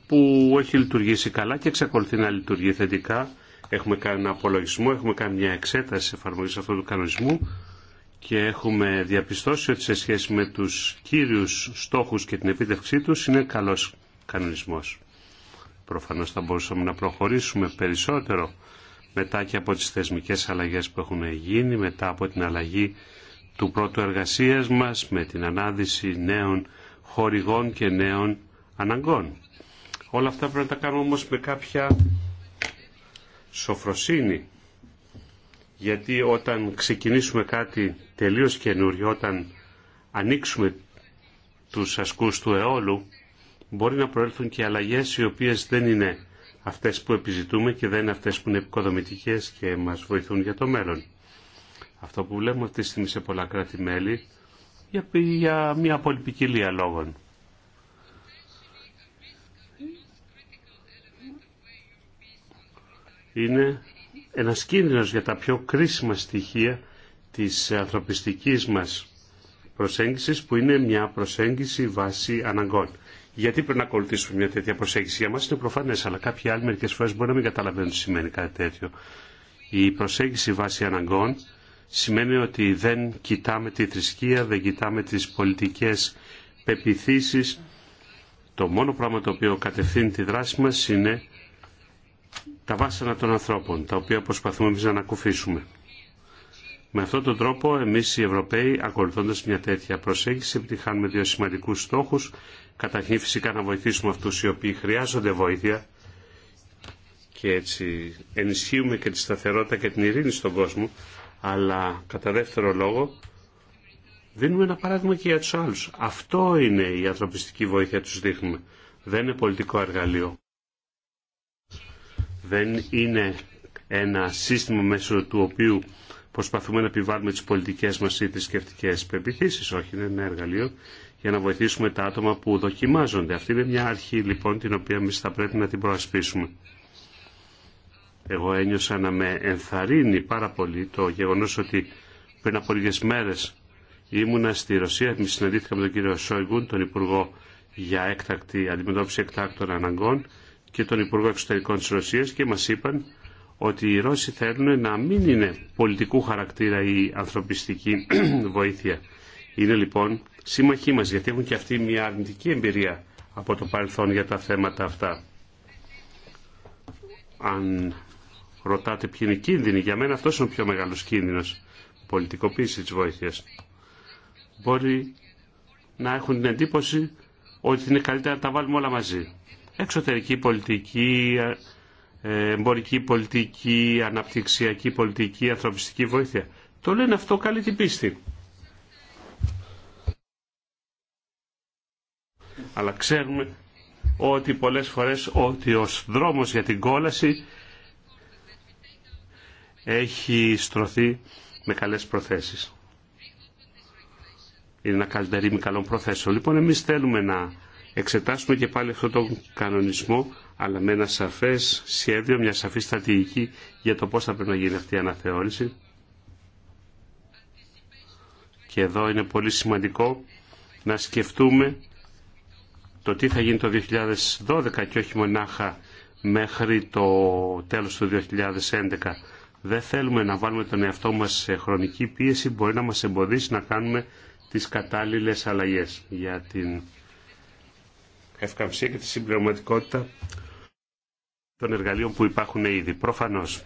που έχει λειτουργήσει καλά και εξακολουθεί να λειτουργεί θετικά. Έχουμε κάνει ένα απολογισμό, έχουμε κάνει μια εξέταση εφαρμογή αυτού του κανονισμού και έχουμε διαπιστώσει ότι σε σχέση με τους κύριους στόχους και την επίτευξή τους είναι καλός κανονισμός. Προφανώς θα μπορούσαμε να προχωρήσουμε περισσότερο μετά και από τις θεσμικές αλλαγές που έχουν γίνει, μετά από την αλλαγή του πρώτου εργασίας μας, με την ανάδυση νέων χορηγών και νέων αναγκών. Όλα αυτά πρέπει να τα κάνουμε όμως με κάποια σοφροσύνη. Γιατί όταν ξεκινήσουμε κάτι τελείως καινούριο, όταν ανοίξουμε τους ασκούς του αιώλου, μπορεί να προέλθουν και αλλαγές οι οποίες δεν είναι αυτές που επιζητούμε και δεν είναι αυτές που είναι επικοδομητικές και μας βοηθούν για το μέλλον. Αυτό που βλέπουμε αυτή τη στιγμή σε πολλά κράτη-μέλη για, για μια πολυπικιλία λόγων. Είναι ένα κίνδυνος για τα πιο κρίσιμα στοιχεία της ανθρωπιστικής μας προσέγγισης που είναι μια προσέγγιση βάση αναγκών. Γιατί πρέπει να ακολουθήσουμε μια τέτοια προσέγγιση. Για μας είναι προφανές, αλλά κάποιοι άλλοι μερικές φορές μπορεί να μην καταλαβαίνουν τι σημαίνει κάτι τέτοιο. Η προσέγγιση βάση αναγκών σημαίνει ότι δεν κοιτάμε τη θρησκεία, δεν κοιτάμε τις πολιτικές πεπιθήσεις. Το μόνο πράγμα το οποίο κατευθύνει τη δράση μας είναι τα βάσανα των ανθρώπων, τα οποία προσπαθούμε εμείς να ανακουφίσουμε. Με αυτόν τον τρόπο, εμείς οι Ευρωπαίοι, ακολουθώντας μια τέτοια προσέγγιση, επιτυχάνουμε δύο σημαντικούς στόχους. Καταρχήν φυσικά να βοηθήσουμε αυτούς οι οποίοι χρειάζονται βοήθεια και έτσι ενισχύουμε και τη σταθερότητα και την ειρήνη στον κόσμο, αλλά κατά δεύτερο λόγο δίνουμε ένα παράδειγμα και για τους άλλους. Αυτό είναι η ανθρωπιστική βοήθεια τους δείχνουμε. Δεν είναι πολιτικό εργαλείο. Δεν είναι ένα σύστημα μέσω του οποίου προσπαθούμε να επιβάλλουμε τις πολιτικές μας ή τις σκεφτικές πεπιθήσεις. Όχι, είναι ένα εργαλείο για να βοηθήσουμε τα άτομα που δοκιμάζονται. Αυτή είναι μια αρχή λοιπόν την οποία εμεί θα πρέπει να την προασπίσουμε. Εγώ ένιωσα να με ενθαρρύνει πάρα πολύ το γεγονός ότι πριν από λίγες μέρες ήμουνα στη Ρωσία, με συναντήθηκα με τον κύριο Σόιγκουν, τον Υπουργό για έκτακτη, αντιμετώπιση εκτάκτων αναγκών και τον Υπουργό Εξωτερικών της Ρωσίας και μας είπαν ότι οι Ρώσοι θέλουν να μην είναι πολιτικού χαρακτήρα η ανθρωπιστική (clears throat) βοήθεια. Είναι λοιπόν σύμμαχοί μας γιατί έχουν και αυτοί μια αρνητική εμπειρία από το παρελθόν για τα θέματα αυτά. Αν ρωτάτε ποιοι είναι οι κίνδυνοι. Για μένα αυτό είναι ο πιο μεγάλο κίνδυνος. Πολιτικοποίηση τη βοήθεια. Μπορεί να έχουν την εντύπωση ότι είναι καλύτερα να τα βάλουμε όλα μαζί. Εξωτερική πολιτική, ε, εμπορική πολιτική, αναπτυξιακή πολιτική, ανθρωπιστική βοήθεια. Το λένε αυτό καλή την πίστη. Αλλά ξέρουμε ότι πολλές φορές ότι ο δρόμος για την κόλαση έχει στρωθεί με καλές προθέσεις. Είναι ένα με καλών προθέσεων. Λοιπόν, εμείς θέλουμε να εξετάσουμε και πάλι αυτόν τον κανονισμό, αλλά με ένα σαφές σχέδιο, μια σαφή στρατηγική για το πώς θα πρέπει να γίνει αυτή η αναθεώρηση. Και εδώ είναι πολύ σημαντικό να σκεφτούμε το τι θα γίνει το 2012 και όχι μονάχα μέχρι το τέλος του 2011 δεν θέλουμε να βάλουμε τον εαυτό μας σε χρονική πίεση, μπορεί να μας εμποδίσει να κάνουμε τις κατάλληλες αλλαγές για την ευκαμψία και τη συμπληρωματικότητα των εργαλείων που υπάρχουν ήδη. Προφανώς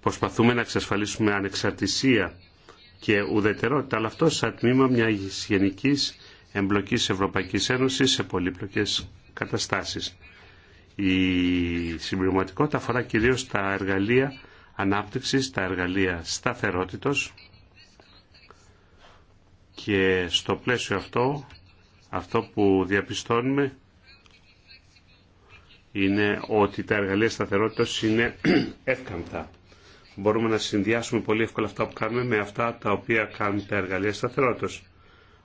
προσπαθούμε να εξασφαλίσουμε ανεξαρτησία και ουδετερότητα, αλλά αυτό σαν τμήμα μια γενικής εμπλοκής Ευρωπαϊκής Ένωσης σε πολύπλοκες καταστάσεις. Η συμπληρωματικότητα αφορά κυρίως τα εργαλεία ανάπτυξης, τα εργαλεία σταθερότητος και στο πλαίσιο αυτό, αυτό που διαπιστώνουμε είναι ότι τα εργαλεία σταθερότητα είναι (clears throat) εύκαμπτα. Μπορούμε να συνδυάσουμε πολύ εύκολα αυτά που κάνουμε με αυτά τα οποία κάνουν τα εργαλεία σταθερότητα.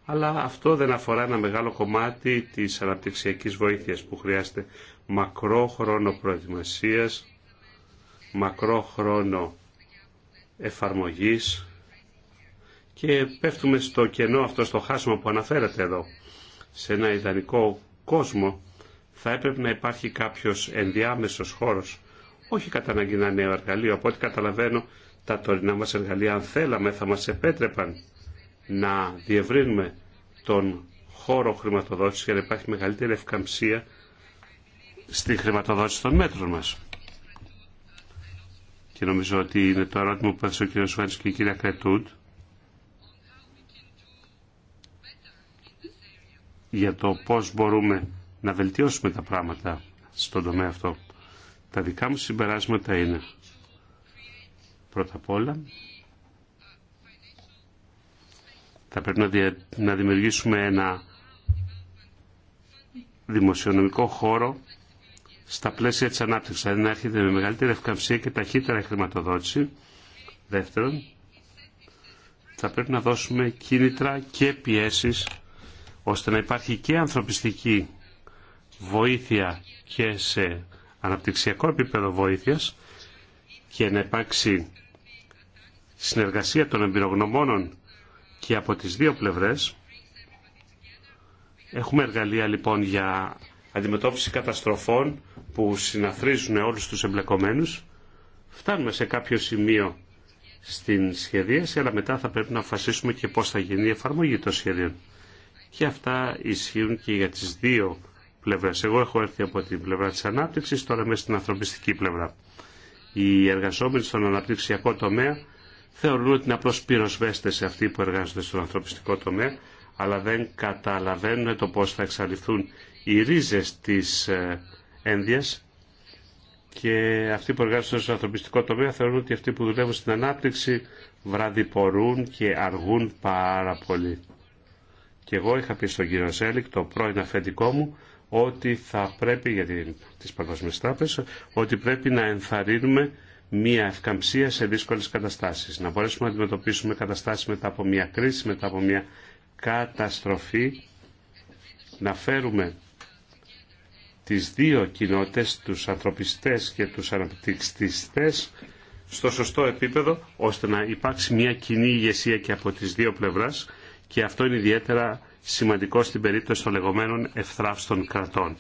Αλλά αυτό δεν αφορά ένα μεγάλο κομμάτι της αναπτυξιακής βοήθειας που χρειάζεται μακρό χρόνο προετοιμασίας, μακρό χρόνο εφαρμογής και πέφτουμε στο κενό αυτό, στο χάσμα που αναφέρατε εδώ. Σε ένα ιδανικό κόσμο θα έπρεπε να υπάρχει κάποιος ενδιάμεσος χώρος, όχι κατά να ένα νέο εργαλείο, από ό,τι καταλαβαίνω τα τωρινά μας εργαλεία αν θέλαμε θα μας επέτρεπαν να διευρύνουμε τον χώρο χρηματοδότησης για να υπάρχει μεγαλύτερη ευκαμψία στη χρηματοδότηση των μέτρων μας. Και νομίζω ότι είναι το ερώτημα που έθεσε ο κ. Σουάνης και η κυρία Κρετούντ για το πώς μπορούμε να βελτιώσουμε τα πράγματα στον τομέα αυτό. Τα δικά μου συμπεράσματα είναι πρώτα απ' όλα θα πρέπει να, να δημιουργήσουμε ένα δημοσιονομικό χώρο στα πλαίσια της ανάπτυξης, δηλαδή να έρχεται με μεγαλύτερη ευκαμψία και ταχύτερα χρηματοδότηση. Δεύτερον, θα πρέπει να δώσουμε κίνητρα και πιέσεις ώστε να υπάρχει και ανθρωπιστική βοήθεια και σε αναπτυξιακό επίπεδο βοήθειας και να υπάρξει συνεργασία των εμπειρογνωμόνων και από τις δύο πλευρές. Έχουμε εργαλεία λοιπόν για αντιμετώπιση καταστροφών που συναθρίζουν όλους τους εμπλεκομένους, φτάνουμε σε κάποιο σημείο στην σχεδίαση, αλλά μετά θα πρέπει να αφασίσουμε και πώς θα γίνει η εφαρμογή των σχεδίων. Και αυτά ισχύουν και για τις δύο πλευρές. Εγώ έχω έρθει από την πλευρά της ανάπτυξης, τώρα είμαι στην ανθρωπιστική πλευρά. Οι εργαζόμενοι στον αναπτυξιακό τομέα θεωρούν ότι είναι απλώς πυροσβέστες αυτοί που εργάζονται στον ανθρωπιστικό τομέα, αλλά δεν καταλαβαίνουν το πώς θα εξαλειφθούν οι ρίζες της ε, ένδυας και αυτοί που εργάζονται στον ανθρωπιστικό τομέα θεωρούν ότι αυτοί που δουλεύουν στην ανάπτυξη βραδιπορούν και αργούν πάρα πολύ. Και εγώ είχα πει στον κύριο Σέλικ, το πρώην αφεντικό μου, ότι θα πρέπει για τι παγκοσμίε, Τράπεζε, ότι πρέπει να ενθαρρύνουμε μια ευκαμψία σε δύσκολε καταστάσει. Να μπορέσουμε να αντιμετωπίσουμε καταστάσει μετά από μια κρίση, μετά από μια καταστροφή, να φέρουμε τις δύο κοινότητες, τους ανθρωπιστές και τους αναπτυξιστές, στο σωστό επίπεδο, ώστε να υπάρξει μια κοινή ηγεσία και από τις δύο πλευράς και αυτό είναι ιδιαίτερα σημαντικό στην περίπτωση των λεγόμενων ευθραύστων κρατών.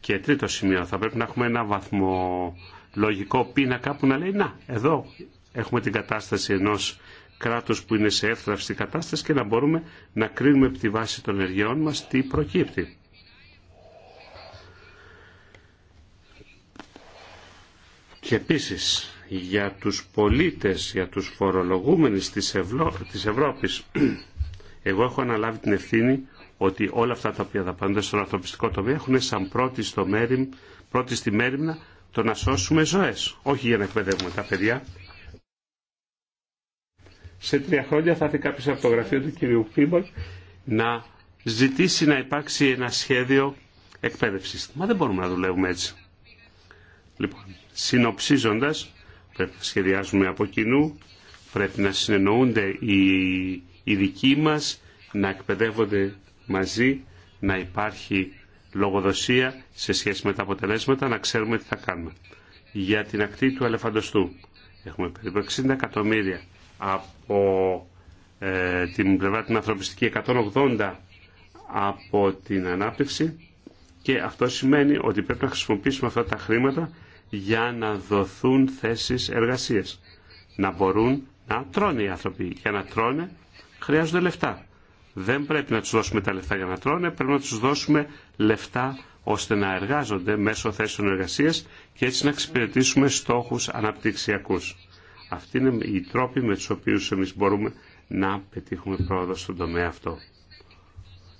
Και τρίτο σημείο, θα πρέπει να έχουμε ένα βαθμό λογικό πίνακα που να λέει «Να, εδώ έχουμε την κατάσταση ενός κράτους που είναι σε εύθραυστη κατάσταση και να μπορούμε να κρίνουμε από τη βάση των ενεργειών μας τι προκύπτει». Και επίσης για τους πολίτες, για τους φορολογούμενους της, Ευρώπης. Εγώ έχω αναλάβει την ευθύνη ότι όλα αυτά τα οποία δαπανούνται στον ανθρωπιστικό τομέα έχουν σαν πρώτη, στο μέρη, πρώτη στη μέρημνα το να σώσουμε ζωές, όχι για να εκπαιδεύουμε τα παιδιά. Σε τρία χρόνια θα έρθει κάποιος από το γραφείο του κυρίου Πίμπολ να ζητήσει να υπάρξει ένα σχέδιο εκπαίδευσης. Μα δεν μπορούμε να δουλεύουμε έτσι. Λοιπόν, Συνοψίζοντας, πρέπει να σχεδιάζουμε από κοινού, πρέπει να συνεννοούνται οι, οι δικοί μας, να εκπαιδεύονται μαζί, να υπάρχει λογοδοσία σε σχέση με τα αποτελέσματα, να ξέρουμε τι θα κάνουμε. Για την ακτή του αλεφαντοστού έχουμε περίπου 60 εκατομμύρια από ε, την πλευρά την ανθρωπιστική, 180 από την ανάπτυξη και αυτό σημαίνει ότι πρέπει να χρησιμοποιήσουμε αυτά τα χρήματα για να δοθούν θέσεις εργασίας. Να μπορούν να τρώνε οι άνθρωποι. Για να τρώνε χρειάζονται λεφτά. Δεν πρέπει να τους δώσουμε τα λεφτά για να τρώνε, πρέπει να τους δώσουμε λεφτά ώστε να εργάζονται μέσω θέσεων εργασίας και έτσι να εξυπηρετήσουμε στόχους αναπτυξιακούς. Αυτοί είναι οι τρόποι με τους οποίους εμείς μπορούμε να πετύχουμε πρόοδο στον τομέα αυτό.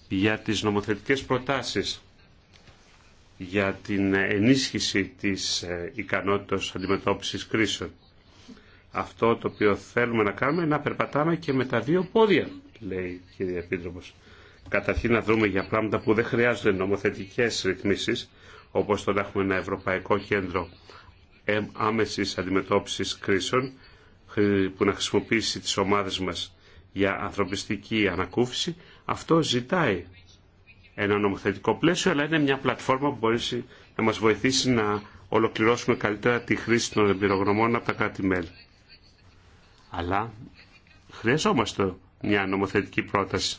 Για τις νομοθετικές προτάσεις για την ενίσχυση της ε, ικανότητας αντιμετώπισης κρίσεων. Αυτό το οποίο θέλουμε να κάνουμε είναι να περπατάμε και με τα δύο πόδια, λέει η κυρία Επίτροπος. Καταρχήν να δούμε για πράγματα που δεν χρειάζονται νομοθετικές ρυθμίσεις, όπως το να έχουμε ένα Ευρωπαϊκό Κέντρο Άμεσης Αντιμετώπισης Κρίσεων, που να χρησιμοποιήσει τις ομάδες μας για ανθρωπιστική ανακούφιση. Αυτό ζητάει ένα νομοθετικό πλαίσιο, αλλά είναι μια πλατφόρμα που μπορεί να μας βοηθήσει να ολοκληρώσουμε καλύτερα τη χρήση των εμπειρογνωμών από τα κράτη-μέλη. Αλλά χρειαζόμαστε μια νομοθετική πρόταση.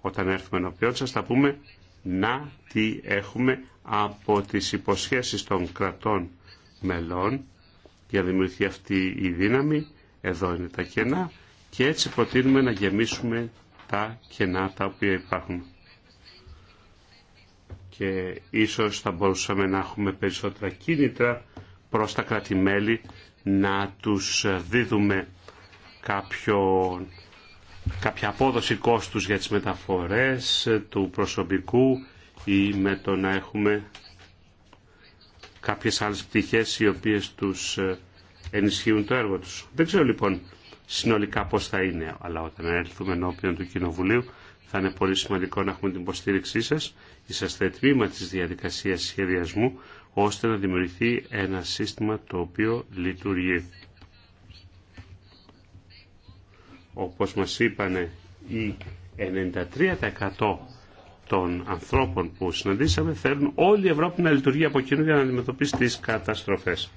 Όταν έρθουμε να σας θα πούμε να τι έχουμε από τις υποσχέσεις των κρατών μελών για να δημιουργηθεί αυτή η δύναμη, εδώ είναι τα κενά και έτσι προτείνουμε να γεμίσουμε και κενά τα οποία υπάρχουν. Και ίσως θα μπορούσαμε να έχουμε περισσότερα κίνητρα προς τα κρατημέλη να τους δίδουμε κάποιο, κάποια απόδοση κόστους για τις μεταφορές του προσωπικού ή με το να έχουμε κάποιες άλλες πτυχές οι οποίες τους ε, ενισχύουν το έργο τους. Δεν ξέρω λοιπόν συνολικά πώς θα είναι. Αλλά όταν έρθουμε ενώπιον του Κοινοβουλίου θα είναι πολύ σημαντικό να έχουμε την υποστήριξή σας. Είσαστε τμήμα της διαδικασίας σχεδιασμού ώστε να δημιουργηθεί ένα σύστημα το οποίο λειτουργεί. Όπως μας είπανε οι 93% των ανθρώπων που συναντήσαμε θέλουν όλη η Ευρώπη να λειτουργεί από κοινού για να αντιμετωπίσει τις καταστροφές.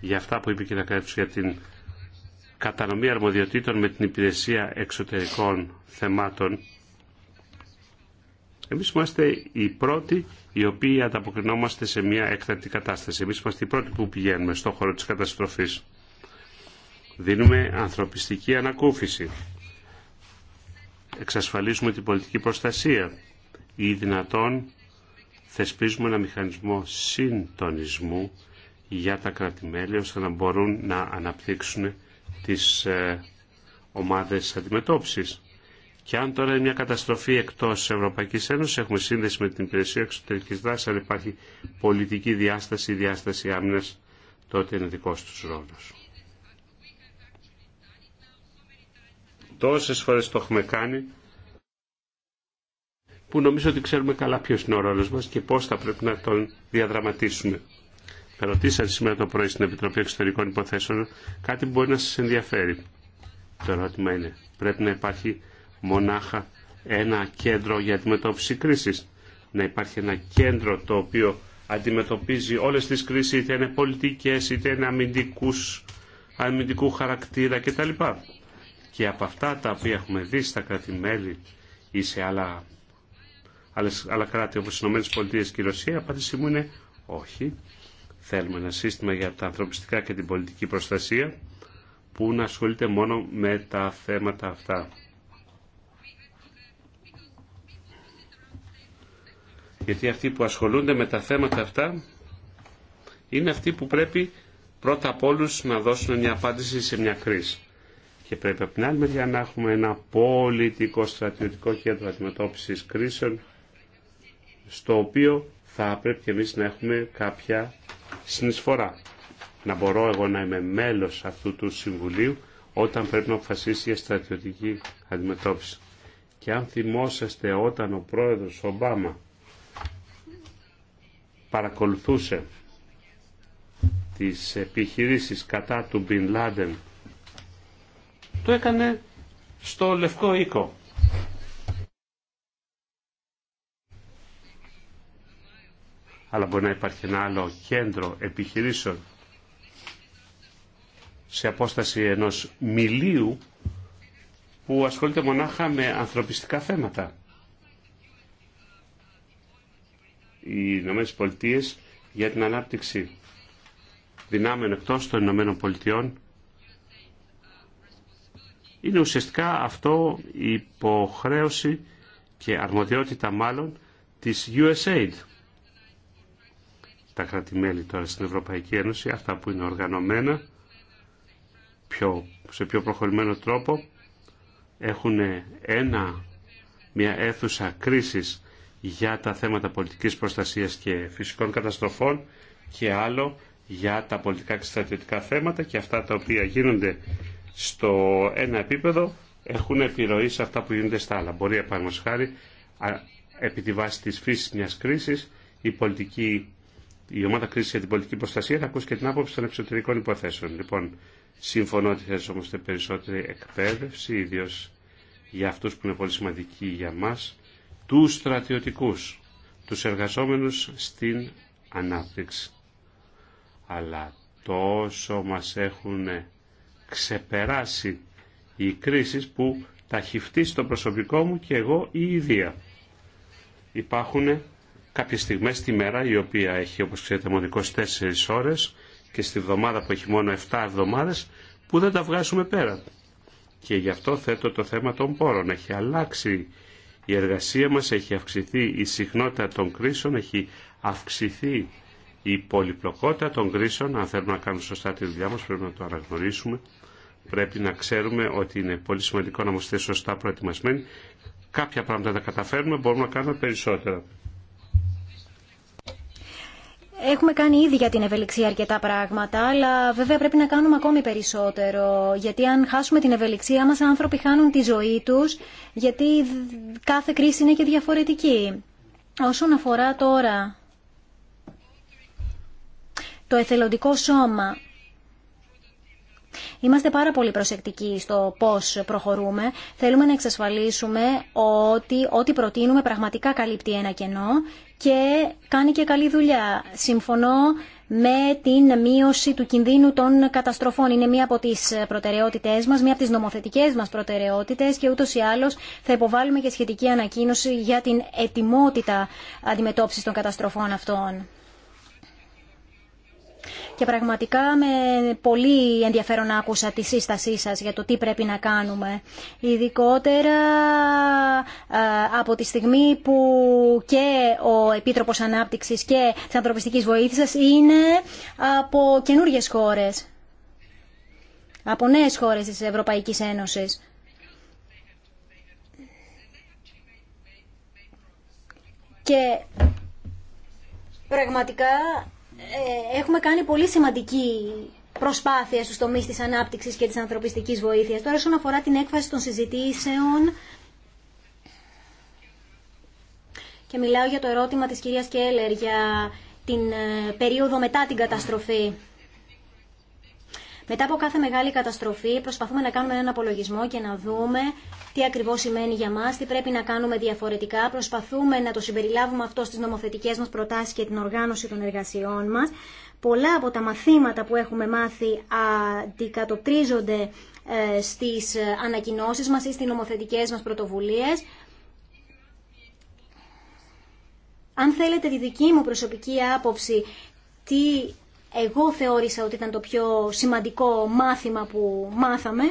για αυτά που είπε η κυρία για την κατανομή αρμοδιοτήτων με την υπηρεσία εξωτερικών θεμάτων. Εμείς είμαστε οι πρώτοι οι οποίοι ανταποκρινόμαστε σε μια έκτακτη κατάσταση. Εμείς είμαστε οι πρώτοι που πηγαίνουμε στον χώρο της καταστροφής. Δίνουμε ανθρωπιστική ανακούφιση. Εξασφαλίζουμε την πολιτική προστασία ή δυνατόν θεσπίζουμε ένα μηχανισμό συντονισμού για τα κρατη ώστε να μπορούν να αναπτύξουν τις ε, ομάδες αντιμετώπισης. Και αν τώρα είναι μια καταστροφή εκτός Ευρωπαϊκής Ένωσης, έχουμε σύνδεση με την υπηρεσία εξωτερικής δράσης, αν υπάρχει πολιτική διάσταση ή διάσταση άμυνας, τότε είναι δικός τους ρόλος. Τόσες φορές το έχουμε κάνει, που νομίζω ότι ξέρουμε καλά ποιος είναι ο ρόλος μας και πώς θα πρέπει να τον διαδραματίσουμε. Με ρωτήσατε σήμερα το πρωί στην Επιτροπή Εξωτερικών Υποθέσεων κάτι που μπορεί να σας ενδιαφέρει. Το ερώτημα είναι, πρέπει να υπάρχει μονάχα ένα κέντρο για αντιμετώπιση κρίσης. Να υπάρχει ένα κέντρο το οποίο αντιμετωπίζει όλες τις κρίσεις, είτε είναι πολιτικές, είτε είναι αμυντικούς, αμυντικού χαρακτήρα κτλ. Και από αυτά τα οποία έχουμε δει στα κράτη-μέλη ή σε άλλα, άλλες, άλλα κράτη όπως οι ΗΠΑ και η Ρωσία, η απάντησή μου είναι όχι. Θέλουμε ένα σύστημα για τα ανθρωπιστικά και την πολιτική προστασία που να ασχολείται μόνο με τα θέματα αυτά. Γιατί αυτοί που ασχολούνται με τα θέματα αυτά είναι αυτοί που πρέπει πρώτα απ' όλους να δώσουν μια απάντηση σε μια κρίση. Και πρέπει από την άλλη μεριά να έχουμε ένα πολιτικό στρατιωτικό κέντρο αντιμετώπισης κρίσεων στο οποίο θα πρέπει και εμείς να έχουμε κάποια συνεισφορά. Να μπορώ εγώ να είμαι μέλος αυτού του Συμβουλίου όταν πρέπει να αποφασίσει για στρατιωτική αντιμετώπιση. Και αν θυμόσαστε όταν ο πρόεδρος Ομπάμα παρακολουθούσε τις επιχειρήσεις κατά του Μπιν Λάντεν το έκανε στο Λευκό Οίκο αλλά μπορεί να υπάρχει ένα άλλο κέντρο επιχειρήσεων σε απόσταση ενός μιλίου που ασχολείται μονάχα με ανθρωπιστικά θέματα. Οι Ηνωμένες Πολιτείες για την ανάπτυξη δυνάμεων εκτός των Ηνωμένων Πολιτειών είναι ουσιαστικά αυτό η υποχρέωση και αρμοδιότητα μάλλον της USAID τα κράτη-μέλη τώρα στην Ευρωπαϊκή Ένωση, αυτά που είναι οργανωμένα, πιο, σε πιο προχωρημένο τρόπο, έχουν ένα, μια αίθουσα κρίσης για τα θέματα πολιτικής προστασίας και φυσικών καταστροφών και άλλο για τα πολιτικά και στρατιωτικά θέματα και αυτά τα οποία γίνονται στο ένα επίπεδο έχουν επιρροή σε αυτά που γίνονται στα άλλα. Μπορεί, επάνω χάρη, επί τη βάση της φύσης μιας κρίσης, η πολιτική η ομάδα κρίση για την πολιτική προστασία θα ακούσει και την άποψη των εξωτερικών υποθέσεων. Λοιπόν, συμφωνώ ότι χρειαζόμαστε περισσότερη εκπαίδευση, ιδίω για αυτού που είναι πολύ σημαντικοί για μα, του στρατιωτικού, του εργαζόμενου στην ανάπτυξη. Αλλά τόσο μας έχουν ξεπεράσει οι κρίσεις που τα έχει στο προσωπικό μου και εγώ η ίδια. Υπάρχουν κάποιες στιγμές τη μέρα, η οποία έχει όπως ξέρετε μόνο 24 ώρες και στη βδομάδα που έχει μόνο 7 εβδομάδες, που δεν τα βγάζουμε πέρα. Και γι' αυτό θέτω το θέμα των πόρων. Έχει αλλάξει η εργασία μας, έχει αυξηθεί η συχνότητα των κρίσεων, έχει αυξηθεί η πολυπλοκότητα των κρίσεων. Αν θέλουμε να κάνουμε σωστά τη δουλειά μας πρέπει να το αναγνωρίσουμε. Πρέπει να ξέρουμε ότι είναι πολύ σημαντικό να είμαστε σωστά προετοιμασμένοι. Κάποια πράγματα τα καταφέρνουμε, μπορούμε να κάνουμε περισσότερα. Έχουμε κάνει ήδη για την ευελιξία αρκετά πράγματα, αλλά βέβαια πρέπει να κάνουμε ακόμη περισσότερο. Γιατί αν χάσουμε την ευελιξία μας, άνθρωποι χάνουν τη ζωή τους, γιατί κάθε κρίση είναι και διαφορετική. Όσον αφορά τώρα το εθελοντικό σώμα, Είμαστε πάρα πολύ προσεκτικοί στο πώς προχωρούμε. Θέλουμε να εξασφαλίσουμε ότι ό,τι προτείνουμε πραγματικά καλύπτει ένα κενό και κάνει και καλή δουλειά. Συμφωνώ με την μείωση του κινδύνου των καταστροφών. Είναι μία από τις προτεραιότητές μας, μία από τις νομοθετικές μας προτεραιότητες και ούτως ή άλλως θα υποβάλουμε και σχετική ανακοίνωση για την ετοιμότητα αντιμετώπισης των καταστροφών αυτών. Και πραγματικά με πολύ ενδιαφέρον άκουσα τη σύστασή σας για το τι πρέπει να κάνουμε. Ειδικότερα ε, από τη στιγμή που και ο Επίτροπος Ανάπτυξης και της Ανθρωπιστικής Βοήθησης είναι από καινούργιες χώρες. Από νέες χώρες της Ευρωπαϊκής Ένωσης. Και πραγματικά ε, έχουμε κάνει πολύ σημαντική προσπάθεια στους τομείς της ανάπτυξης και της ανθρωπιστικής βοήθειας. Τώρα, όσον αφορά την έκφραση των συζητήσεων, και μιλάω για το ερώτημα της κυρίας Κέλλερ για την ε, περίοδο μετά την καταστροφή. Μετά από κάθε μεγάλη καταστροφή προσπαθούμε να κάνουμε έναν απολογισμό και να δούμε τι ακριβώς σημαίνει για μας, τι πρέπει να κάνουμε διαφορετικά. Προσπαθούμε να το συμπεριλάβουμε αυτό στις νομοθετικές μας προτάσεις και την οργάνωση των εργασιών μας. Πολλά από τα μαθήματα που έχουμε μάθει αντικατοπτρίζονται ε, στις ε, ανακοινώσει μας ή στις νομοθετικές μας πρωτοβουλίες. Αν θέλετε τη δική μου προσωπική άποψη τι εγώ θεώρησα ότι ήταν το πιο σημαντικό μάθημα που μάθαμε,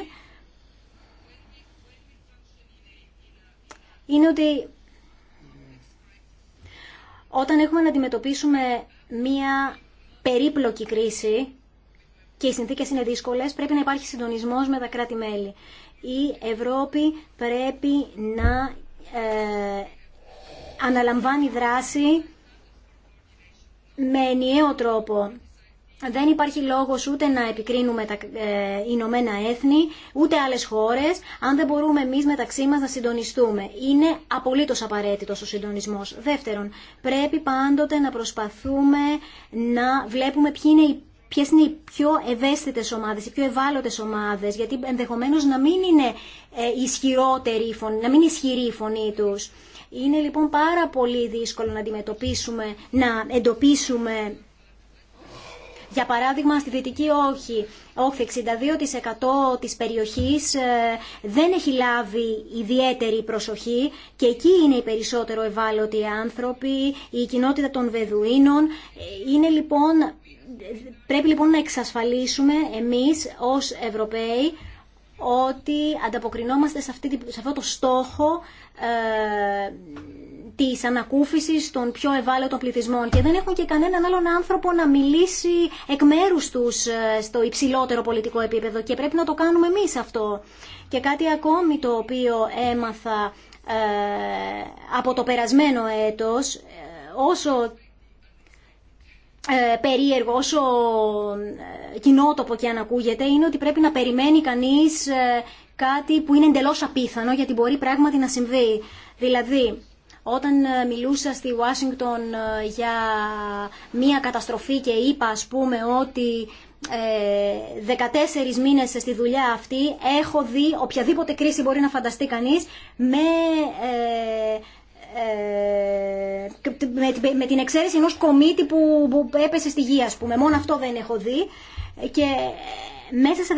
είναι ότι όταν έχουμε να αντιμετωπίσουμε μία περίπλοκη κρίση και οι συνθήκες είναι δύσκολες, πρέπει να υπάρχει συντονισμός με τα κράτη-μέλη. Η Ευρώπη πρέπει να ε, αναλαμβάνει δράση με ενιαίο τρόπο δεν υπάρχει λόγος ούτε να επικρίνουμε τα ε, Ηνωμένα Έθνη, ούτε άλλες χώρες, αν δεν μπορούμε εμείς μεταξύ μας να συντονιστούμε. Είναι απολύτως απαραίτητος ο συντονισμός. Δεύτερον, πρέπει πάντοτε να προσπαθούμε να βλέπουμε ποιοι είναι οι Ποιε είναι οι πιο ευαίσθητε ομάδε, οι πιο ευάλωτε ομάδε, γιατί ενδεχομένω να μην είναι ε, ισχυρότερη φωνή, να μην ισχυρή η φωνή του. Είναι λοιπόν πάρα πολύ δύσκολο να αντιμετωπίσουμε, να εντοπίσουμε για παράδειγμα, στη Δυτική Όχη, όχι 62% της περιοχής ε, δεν έχει λάβει ιδιαίτερη προσοχή και εκεί είναι οι περισσότερο ευάλωτοι άνθρωποι, η κοινότητα των Βεδουίνων. Ε, είναι λοιπόν, πρέπει λοιπόν να εξασφαλίσουμε εμείς ως Ευρωπαίοι ότι ανταποκρινόμαστε σε, αυτή, σε αυτό το στόχο ε, Τη ανακούφιση των πιο ευάλωτων πληθυσμών και δεν έχουν και κανέναν άλλον άνθρωπο να μιλήσει εκ μέρου τους ε, στο υψηλότερο πολιτικό επίπεδο και πρέπει να το κάνουμε εμείς αυτό. Και κάτι ακόμη το οποίο έμαθα ε, από το περασμένο έτος, ε, όσο περίεργο, όσο κοινότοπο και αν ακούγεται, είναι ότι πρέπει να περιμένει κανείς κάτι που είναι εντελώς απίθανο, γιατί μπορεί πράγματι να συμβεί. Δηλαδή, όταν ε, μιλούσα στη Ουάσιγκτον ε, για μια καταστροφή και είπα ας πούμε ότι 14 ε, μήνες στη δουλειά αυτή έχω δει οποιαδήποτε κρίση μπορεί να φανταστεί κανείς με, με, την εξαίρεση ενός κομίτη που, που έπεσε στη γη ας πούμε. Μόνο αυτό δεν έχω δει και μέσα σε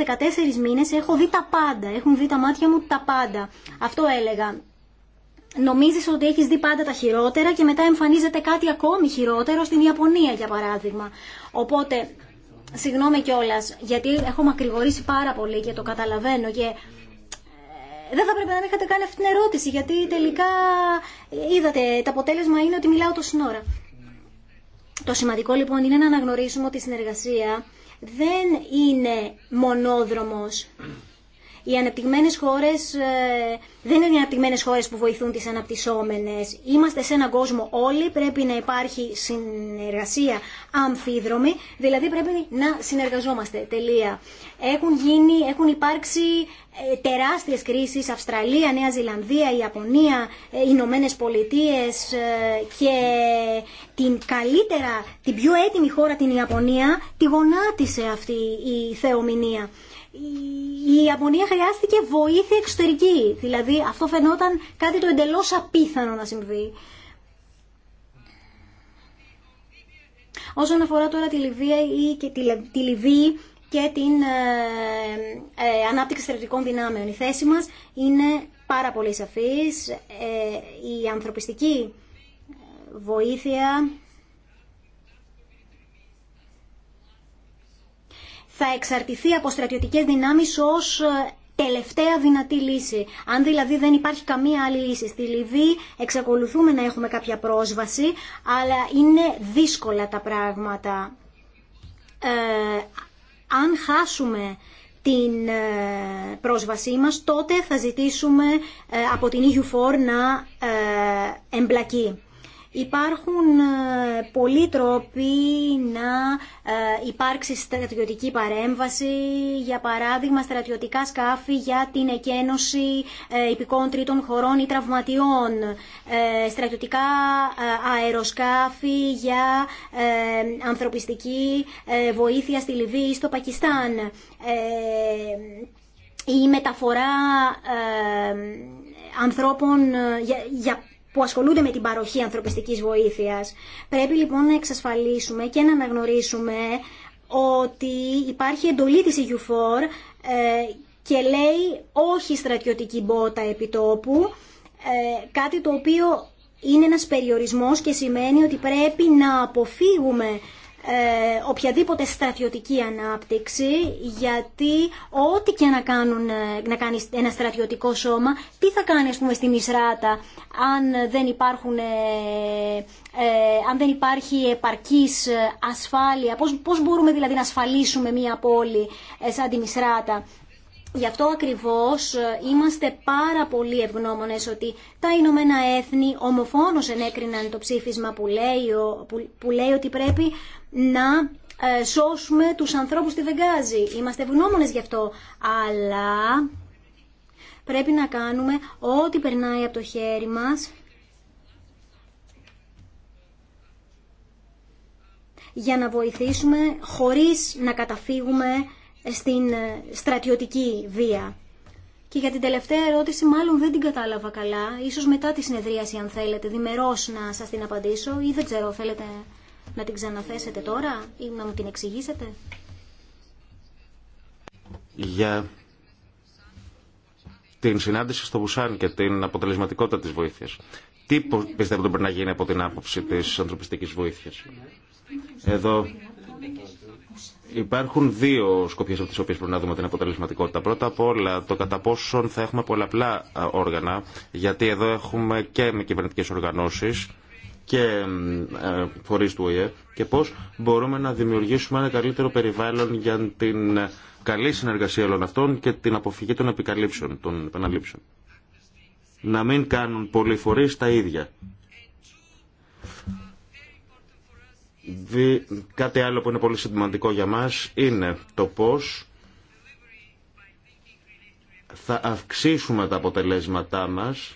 14 μήνες έχω δει τα πάντα, έχουν δει τα μάτια μου τα πάντα. Αυτό έλεγα νομίζεις ότι έχεις δει πάντα τα χειρότερα και μετά εμφανίζεται κάτι ακόμη χειρότερο στην Ιαπωνία για παράδειγμα. Οπότε, συγγνώμη κιόλα, γιατί έχω μακρηγορήσει πάρα πολύ και το καταλαβαίνω και ε, δεν θα πρέπει να είχατε κάνει αυτή την ερώτηση γιατί τελικά ε, είδατε το αποτέλεσμα είναι ότι μιλάω το σύνορα. Το σημαντικό λοιπόν είναι να αναγνωρίσουμε ότι η συνεργασία δεν είναι μονόδρομος οι αναπτυγμένες χώρες ε, δεν είναι οι αναπτυγμένες χώρες που βοηθούν τις αναπτυσσόμενες. Είμαστε σε έναν κόσμο όλοι, πρέπει να υπάρχει συνεργασία αμφίδρομη, δηλαδή πρέπει να συνεργαζόμαστε, τελεία. Έχουν, γίνει, έχουν υπάρξει ε, τεράστιες κρίσεις, Αυστραλία, Νέα Ζηλανδία, Ιαπωνία, ε, Ηνωμένε Πολιτείε και την καλύτερα, την πιο έτοιμη χώρα, την Ιαπωνία, τη γονάτισε αυτή η θεομηνία η Ιαπωνία χρειάστηκε βοήθεια εξωτερική. Δηλαδή αυτό φαινόταν κάτι το εντελώς απίθανο να συμβεί. Όσον αφορά τώρα τη Λιβύη και, τη, τη Λιβύη και την ε, ε, ανάπτυξη στρατιωτικών δυνάμεων, η θέση μας είναι πάρα πολύ σαφής. Ε, η ανθρωπιστική βοήθεια θα εξαρτηθεί από στρατιωτικές δυνάμεις ως ε, τελευταία δυνατή λύση. Αν δηλαδή δεν υπάρχει καμία άλλη λύση στη Λιβύη, εξακολουθούμε να έχουμε κάποια πρόσβαση, αλλά είναι δύσκολα τα πράγματα. Ε, αν χάσουμε την ε, πρόσβασή μας, τότε θα ζητήσουμε από την EU4 να εμπλακεί. Υπάρχουν ε, πολλοί τρόποι να ε, υπάρξει στρατιωτική παρέμβαση, για παράδειγμα στρατιωτικά σκάφη για την εκένωση ε, υπηκών τρίτων χωρών ή τραυματιών, στρατιωτικά αεροσκάφη για ανθρωπιστική βοήθεια στη Λιβύη ή στο Πακιστάν, η μεταφορά ανθρώπων για που ασχολούνται με την παροχή ανθρωπιστικής βοήθειας. Πρέπει λοιπόν να εξασφαλίσουμε και να αναγνωρίσουμε ότι υπάρχει εντολή της EU4 ε, και λέει όχι στρατιωτική μπότα επιτόπου, ε, κάτι το οποίο είναι ένας περιορισμός και σημαίνει ότι πρέπει να αποφύγουμε ε, οποιαδήποτε στρατιωτική ανάπτυξη γιατί ό,τι και να, κάνουν, ε, να κάνει ένα στρατιωτικό σώμα τι θα κάνει ας πούμε στη Μισράτα αν δεν, υπάρχουν, ε, αν δεν υπάρχει επαρκής ασφάλεια πώς, πώς μπορούμε δηλαδή να ασφαλίσουμε μια πόλη σαν τη Μισράτα Γι' αυτό ακριβώς ε, είμαστε πάρα πολύ ευγνώμονες ότι τα Ηνωμένα Έθνη ομοφόνως ενέκριναν το ψήφισμα που λέει, που, που λέει ότι πρέπει να ε, σώσουμε τους ανθρώπους στη Βεγγάζη. Είμαστε ευγνώμονες γι' αυτό. Αλλά πρέπει να κάνουμε ό,τι περνάει από το χέρι μας για να βοηθήσουμε χωρίς να καταφύγουμε στην ε, στρατιωτική βία. Και για την τελευταία ερώτηση μάλλον δεν την κατάλαβα καλά. Ίσως μετά τη συνεδρίαση αν θέλετε διμερώς να σας την απαντήσω ή δεν ξέρω θέλετε να την ξαναθέσετε τώρα ή να μου την εξηγήσετε. Για την συνάντηση στο Βουσάν και την αποτελεσματικότητα της βοήθειας. Τι πιστεύετε πρέπει να γίνει από την άποψη της ανθρωπιστικής βοήθειας. Εδώ Υπάρχουν δύο σκοπιέ από τι οποίε πρέπει να δούμε την αποτελεσματικότητα. Πρώτα απ' όλα το κατά πόσον θα έχουμε πολλαπλά όργανα, γιατί εδώ έχουμε και με κυβερνητικέ οργανώσει και ε, φορεί του ΟΗΕ και πώ μπορούμε να δημιουργήσουμε ένα καλύτερο περιβάλλον για την καλή συνεργασία όλων αυτών και την αποφυγή των επικαλύψεων, των επαναλήψεων. Να μην κάνουν πολλοί φορεί τα ίδια Κάτι άλλο που είναι πολύ σημαντικό για μας είναι το πώς θα αυξήσουμε τα αποτελέσματά μας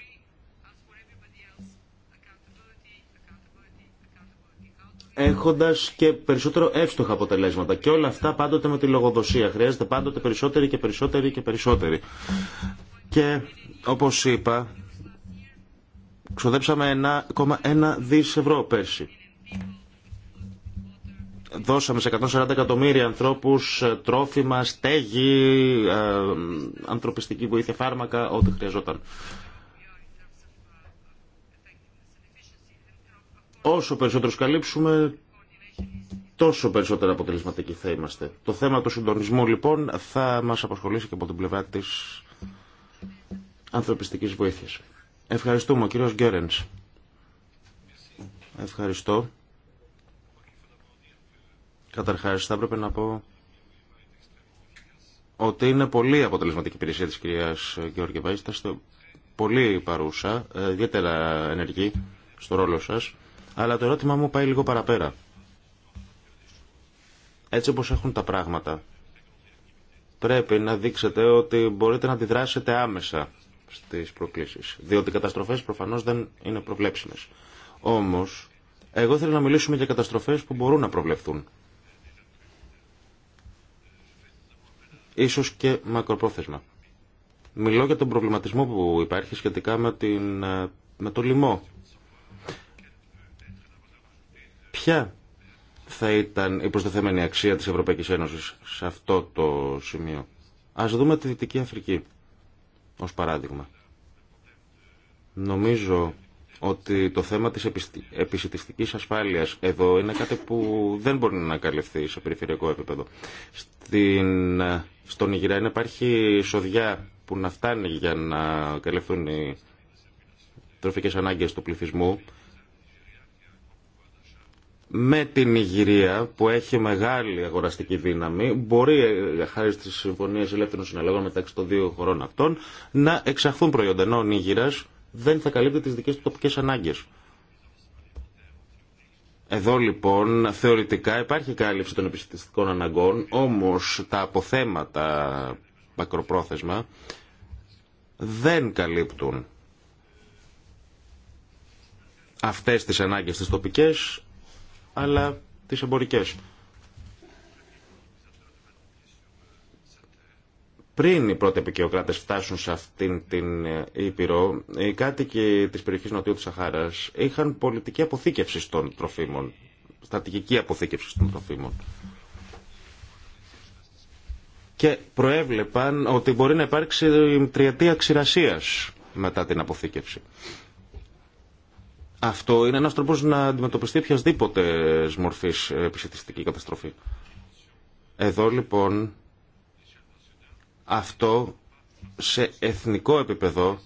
έχοντας και περισσότερο εύστοχα αποτελέσματα. Και όλα αυτά πάντοτε με τη λογοδοσία. Χρειάζεται πάντοτε περισσότερο και περισσότεροι και περισσότεροι. Και όπως είπα, ξοδέψαμε 1,1 δις ευρώ πέρσι δώσαμε σε 140 εκατομμύρια ανθρώπους ε, τρόφιμα, στέγη, ε, ανθρωπιστική βοήθεια, φάρμακα, ό,τι χρειαζόταν. Όσο περισσότερο καλύψουμε, τόσο περισσότερα αποτελεσματικοί θα είμαστε. Το θέμα του συντονισμού λοιπόν θα μας απασχολήσει και από την πλευρά της ανθρωπιστικής βοήθειας. Ευχαριστούμε, ο κύριος Γκέρενς. Ευχαριστώ. Καταρχάς, θα έπρεπε να πω ότι είναι πολύ αποτελεσματική υπηρεσία της κυρίας Γεώργιεβα. Είστε πολύ παρούσα, ε, ιδιαίτερα ενεργή στο ρόλο σας. Αλλά το ερώτημα μου πάει λίγο παραπέρα. Έτσι όπως έχουν τα πράγματα, πρέπει να δείξετε ότι μπορείτε να αντιδράσετε άμεσα στις προκλήσεις. Διότι οι καταστροφές προφανώς δεν είναι προβλέψιμες. Όμως, εγώ θέλω να μιλήσουμε για καταστροφές που μπορούν να προβλεφθούν. ίσως και μακροπρόθεσμα. Μιλώ για τον προβληματισμό που υπάρχει σχετικά με, την, ε, με το λοιμό. Ποια θα ήταν η προστεθέμενη αξία της Ευρωπαϊκής Ένωσης σε αυτό το σημείο. Ας δούμε τη Δυτική Αφρική ως παράδειγμα. Νομίζω ότι το θέμα της επισητιστικής ασφάλειας εδώ είναι κάτι που δεν μπορεί να καλυφθεί σε περιφερειακό επίπεδο. Στην, στον είναι υπάρχει σοδιά που να φτάνει για να καλυφθούν οι τροφικές ανάγκες του πληθυσμού με την Ιγυρία που έχει μεγάλη αγοραστική δύναμη μπορεί χάρη στις συμφωνίες ελεύθερων συναλλαγών μεταξύ των δύο χωρών αυτών να εξαχθούν προϊόντα ενώ δεν θα καλύπτει τις δικές του τοπικές ανάγκες. Εδώ λοιπόν θεωρητικά υπάρχει κάλυψη των επιστημιστικών αναγκών, όμως τα αποθέματα μακροπρόθεσμα δεν καλύπτουν αυτές τις ανάγκες τις τοπικές, αλλά τις εμπορικές. πριν οι πρώτοι επικαιοκράτες φτάσουν σε αυτήν την ε, Ήπειρο, οι κάτοικοι της περιοχής Νοτιού της Σαχάρας είχαν πολιτική αποθήκευση των τροφίμων, στρατηγική αποθήκευση των τροφίμων. Και προέβλεπαν ότι μπορεί να υπάρξει τριετία ξηρασίας μετά την αποθήκευση. Αυτό είναι ένας τρόπος να αντιμετωπιστεί οποιασδήποτε μορφής ε, επισητιστική καταστροφή. Εδώ λοιπόν αυτό σε εθνικό επίπεδο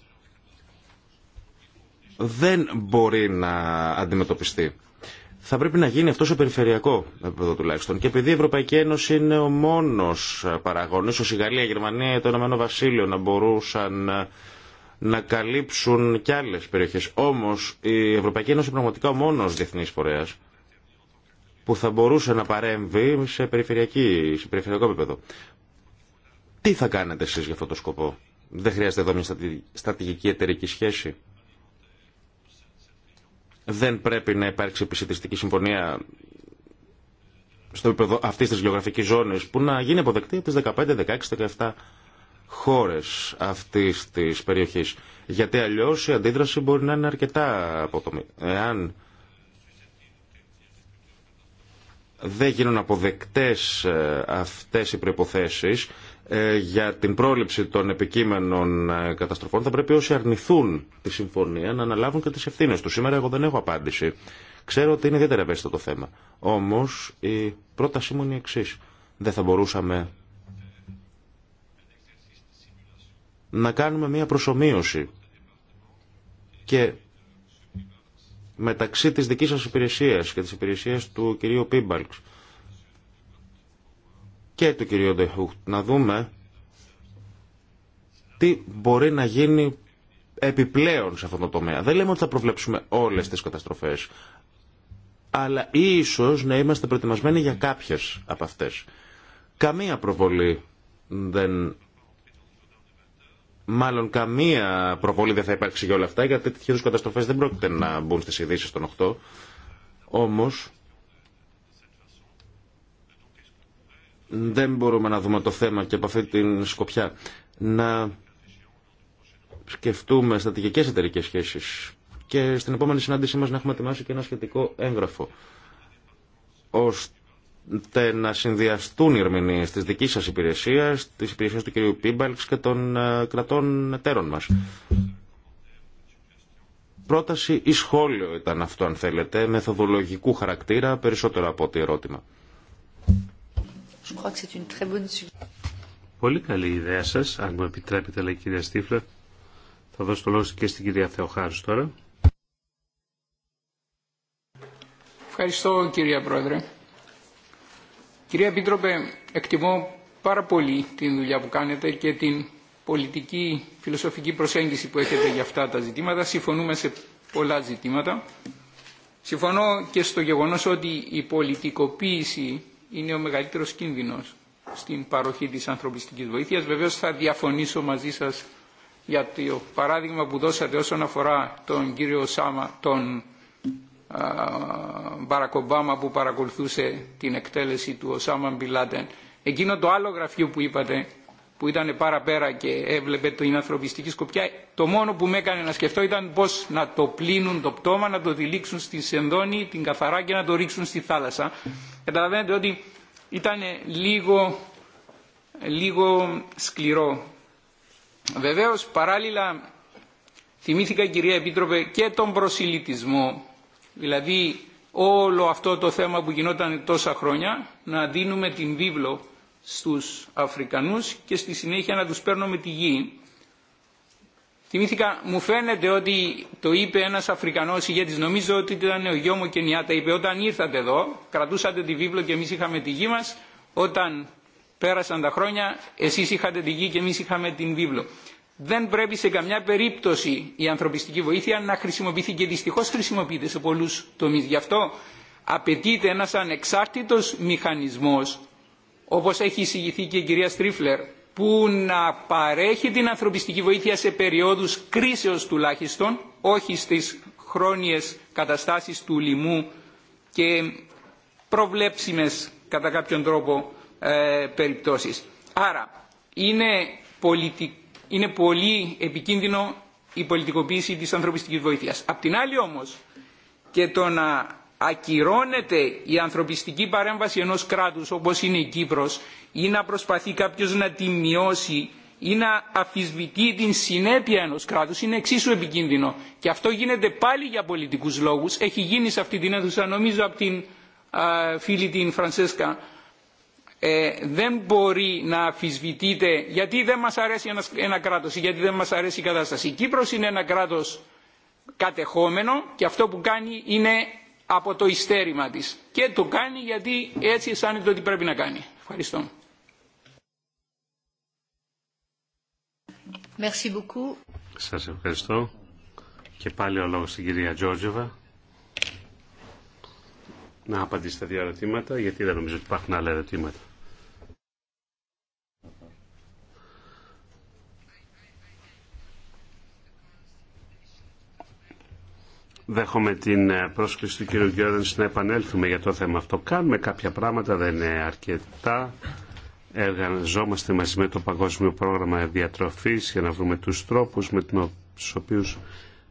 δεν μπορεί να αντιμετωπιστεί. Θα πρέπει να γίνει αυτό σε περιφερειακό επίπεδο τουλάχιστον. Και επειδή η Ευρωπαϊκή Ένωση είναι ο μόνο παραγόν, ίσω η Γαλλία, η Γερμανία, το Ηνωμένο Βασίλειο να μπορούσαν να καλύψουν κι άλλε περιοχέ. Όμω η Ευρωπαϊκή Ένωση είναι πραγματικά ο μόνο διεθνή φορέα που θα μπορούσε να παρέμβει σε, σε περιφερειακό επίπεδο. Τι θα κάνετε εσείς για αυτό το σκοπό. Δεν χρειάζεται εδώ μια στρατηγική εταιρική σχέση. Δεν πρέπει να υπάρξει επισητιστική συμφωνία στο επίπεδο αυτή τη γεωγραφική ζώνη που να γίνει αποδεκτή από τι 15, 16, 17 χώρε αυτή τη περιοχή. Γιατί αλλιώ η αντίδραση μπορεί να είναι αρκετά απότομη. Εάν δεν γίνουν αποδεκτές ε, αυτές οι προϋποθέσεις, ε, για την πρόληψη των επικείμενων ε, καταστροφών θα πρέπει όσοι αρνηθούν τη συμφωνία να αναλάβουν και τις ευθύνε του. Σήμερα εγώ δεν έχω απάντηση. Ξέρω ότι είναι ιδιαίτερα ευαίσθητο το θέμα. Όμως η πρότασή μου είναι η εξής. Δεν θα μπορούσαμε να κάνουμε μια προσωμείωση και μεταξύ της δικής σας υπηρεσίας και της υπηρεσίας του κυρίου Πίμπαλξ και του κυρίου Ντεχούχτ να δούμε τι μπορεί να γίνει επιπλέον σε αυτό το τομέα. Δεν λέμε ότι θα προβλέψουμε όλες τις καταστροφές, αλλά ίσως να είμαστε προετοιμασμένοι για κάποιες από αυτές. Καμία προβολή δεν... Μάλλον καμία προβολή δεν θα υπάρξει για όλα αυτά, γιατί τέτοιες καταστροφές δεν πρόκειται να μπουν στις ειδήσει των 8. Όμως, δεν μπορούμε να δούμε το θέμα και από αυτή την σκοπιά. Να σκεφτούμε στρατηγικές εταιρικέ σχέσεις και στην επόμενη συνάντησή μας να έχουμε ετοιμάσει και ένα σχετικό έγγραφο ώστε να συνδυαστούν οι ερμηνείε τη δική σα υπηρεσία, τη υπηρεσία του κ. Πίμπαλξ και των ε, κρατών εταίρων μα. Πρόταση ή σχόλιο ήταν αυτό, αν θέλετε, μεθοδολογικού χαρακτήρα, περισσότερο από ό,τι ερώτημα. Πολύ καλή ιδέα σα, αν μου επιτρέπετε, λέει η κυρία Στίφλερ. Θα δώσω το λόγο και στην κυρία Θεοχάρου τώρα. Ευχαριστώ κυρία Πρόεδρε. Κυρία Επίτροπε, εκτιμώ πάρα πολύ την δουλειά που κάνετε και την πολιτική, φιλοσοφική προσέγγιση που έχετε για αυτά τα ζητήματα. Συμφωνούμε σε πολλά ζητήματα. Συμφωνώ και στο γεγονός ότι η πολιτικοποίηση είναι ο μεγαλύτερος κίνδυνος στην παροχή της ανθρωπιστικής βοήθειας. Βεβαίως θα διαφωνήσω μαζί σας για το παράδειγμα που δώσατε όσον αφορά τον κύριο Σάμα, τον Μπαρακ που παρακολουθούσε την εκτέλεση του Οσάμα Μπιλάτεν Εκείνο το άλλο γραφείο που είπατε που ήταν πάρα πέρα και έβλεπε την ανθρωπιστική σκοπιά, το μόνο που με έκανε να σκεφτώ ήταν πώς να το πλύνουν το πτώμα, να το δηλήξουν στη σενδόνη, την καθαρά και να το ρίξουν στη θάλασσα. Καταλαβαίνετε ότι ήταν λίγο, λίγο σκληρό. Βεβαίως παράλληλα θυμήθηκα κυρία Επίτροπε και τον προσιλητισμό, δηλαδή όλο αυτό το θέμα που γινόταν τόσα χρόνια, να δίνουμε την βίβλο στους Αφρικανούς και στη συνέχεια να τους παίρνω με τη γη. Θυμήθηκα, μου φαίνεται ότι το είπε ένας Αφρικανός ηγέτης, νομίζω ότι ήταν ο γιο μου Κενιάτα, είπε όταν ήρθατε εδώ, κρατούσατε τη βίβλο και εμείς είχαμε τη γη μας, όταν πέρασαν τα χρόνια εσείς είχατε τη γη και εμείς είχαμε την βίβλο. Δεν πρέπει σε καμιά περίπτωση η ανθρωπιστική βοήθεια να χρησιμοποιηθεί και δυστυχώ χρησιμοποιείται σε πολλούς τομείς. Γι' αυτό απαιτείται ένας ανεξάρτητος μηχανισμός όπως έχει εισηγηθεί και η κυρία Στρίφλερ, που να παρέχει την ανθρωπιστική βοήθεια σε περιόδους κρίσεως τουλάχιστον, όχι στις χρόνιες καταστάσεις του λοιμού και προβλέψιμες κατά κάποιον τρόπο ε, περιπτώσεις. Άρα είναι, είναι πολύ επικίνδυνο η πολιτικοποίηση της ανθρωπιστικής βοήθειας. Απ' την άλλη όμως και το να ακυρώνεται η ανθρωπιστική παρέμβαση ενός κράτους όπως είναι η Κύπρος ή να προσπαθεί κάποιος να τη μειώσει ή να αφισβητεί την συνέπεια ενός κράτους είναι εξίσου επικίνδυνο. Και αυτό γίνεται πάλι για πολιτικούς λόγους. Έχει γίνει σε αυτή την αίθουσα νομίζω από την α, φίλη την Φρανσέσκα. Ε, δεν μπορεί να αφισβητείτε γιατί δεν μας αρέσει ένα, ένα κράτος ή γιατί δεν μας αρέσει η κατάσταση. Η Κύπρος είναι ένα κράτος κατεχόμενο και αυτό που κάνει είναι από το ιστέρημα της. Και το κάνει γιατί έτσι αισθάνεται ότι πρέπει να κάνει. Ευχαριστώ. Merci Σας ευχαριστώ. Και πάλι ο λόγος στην κυρία Τζόρτζεβα. Να απαντήσετε δύο ερωτήματα, γιατί δεν νομίζω ότι υπάρχουν άλλα ερωτήματα. δέχομαι την ε, πρόσκληση του κύριου Γιώργης να επανέλθουμε για το θέμα αυτό. Κάνουμε κάποια πράγματα, δεν είναι αρκετά. Εργαζόμαστε μαζί με το Παγκόσμιο Πρόγραμμα Διατροφής για να βρούμε τους τρόπους με τους οποίους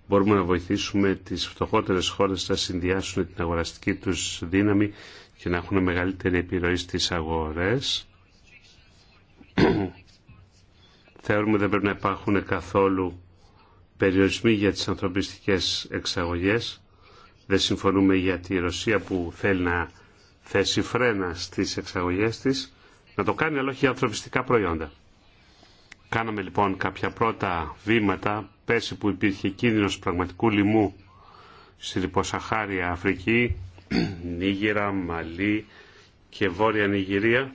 μπορούμε να βοηθήσουμε τις φτωχότερες χώρες να συνδυάσουν την αγοραστική τους δύναμη και να έχουν μεγαλύτερη επιρροή στις αγορές. (clears throat) Θεωρούμε δεν πρέπει να υπάρχουν καθόλου περιορισμοί για τις ανθρωπιστικές εξαγωγές. Δεν συμφωνούμε για τη Ρωσία που θέλει να θέσει φρένα στις εξαγωγές της. Να το κάνει αλλά όχι για ανθρωπιστικά προϊόντα. Κάναμε λοιπόν κάποια πρώτα βήματα πέρσι που υπήρχε κίνδυνος πραγματικού λοιμού στη Λιποσαχάρια Αφρική, (clears throat) Νίγηρα, Μαλή και Βόρεια Νιγηρία.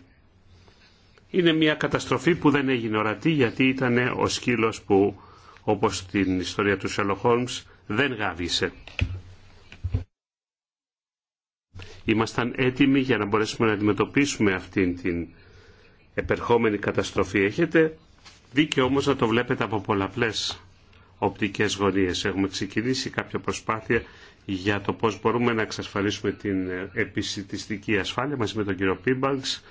Είναι μια καταστροφή που δεν έγινε ορατή γιατί ήταν ο σκύλος που όπως την ιστορία του Sherlock δεν γάβησε. Ήμασταν έτοιμοι για να μπορέσουμε να αντιμετωπίσουμε αυτήν την επερχόμενη καταστροφή. Έχετε δίκιο όμως να το βλέπετε από πολλαπλές οπτικές γωνίες. Έχουμε ξεκινήσει κάποια προσπάθεια για το πώς μπορούμε να εξασφαλίσουμε την ε, επισητιστική ασφάλεια μαζί με τον κύριο Πίμπαλξ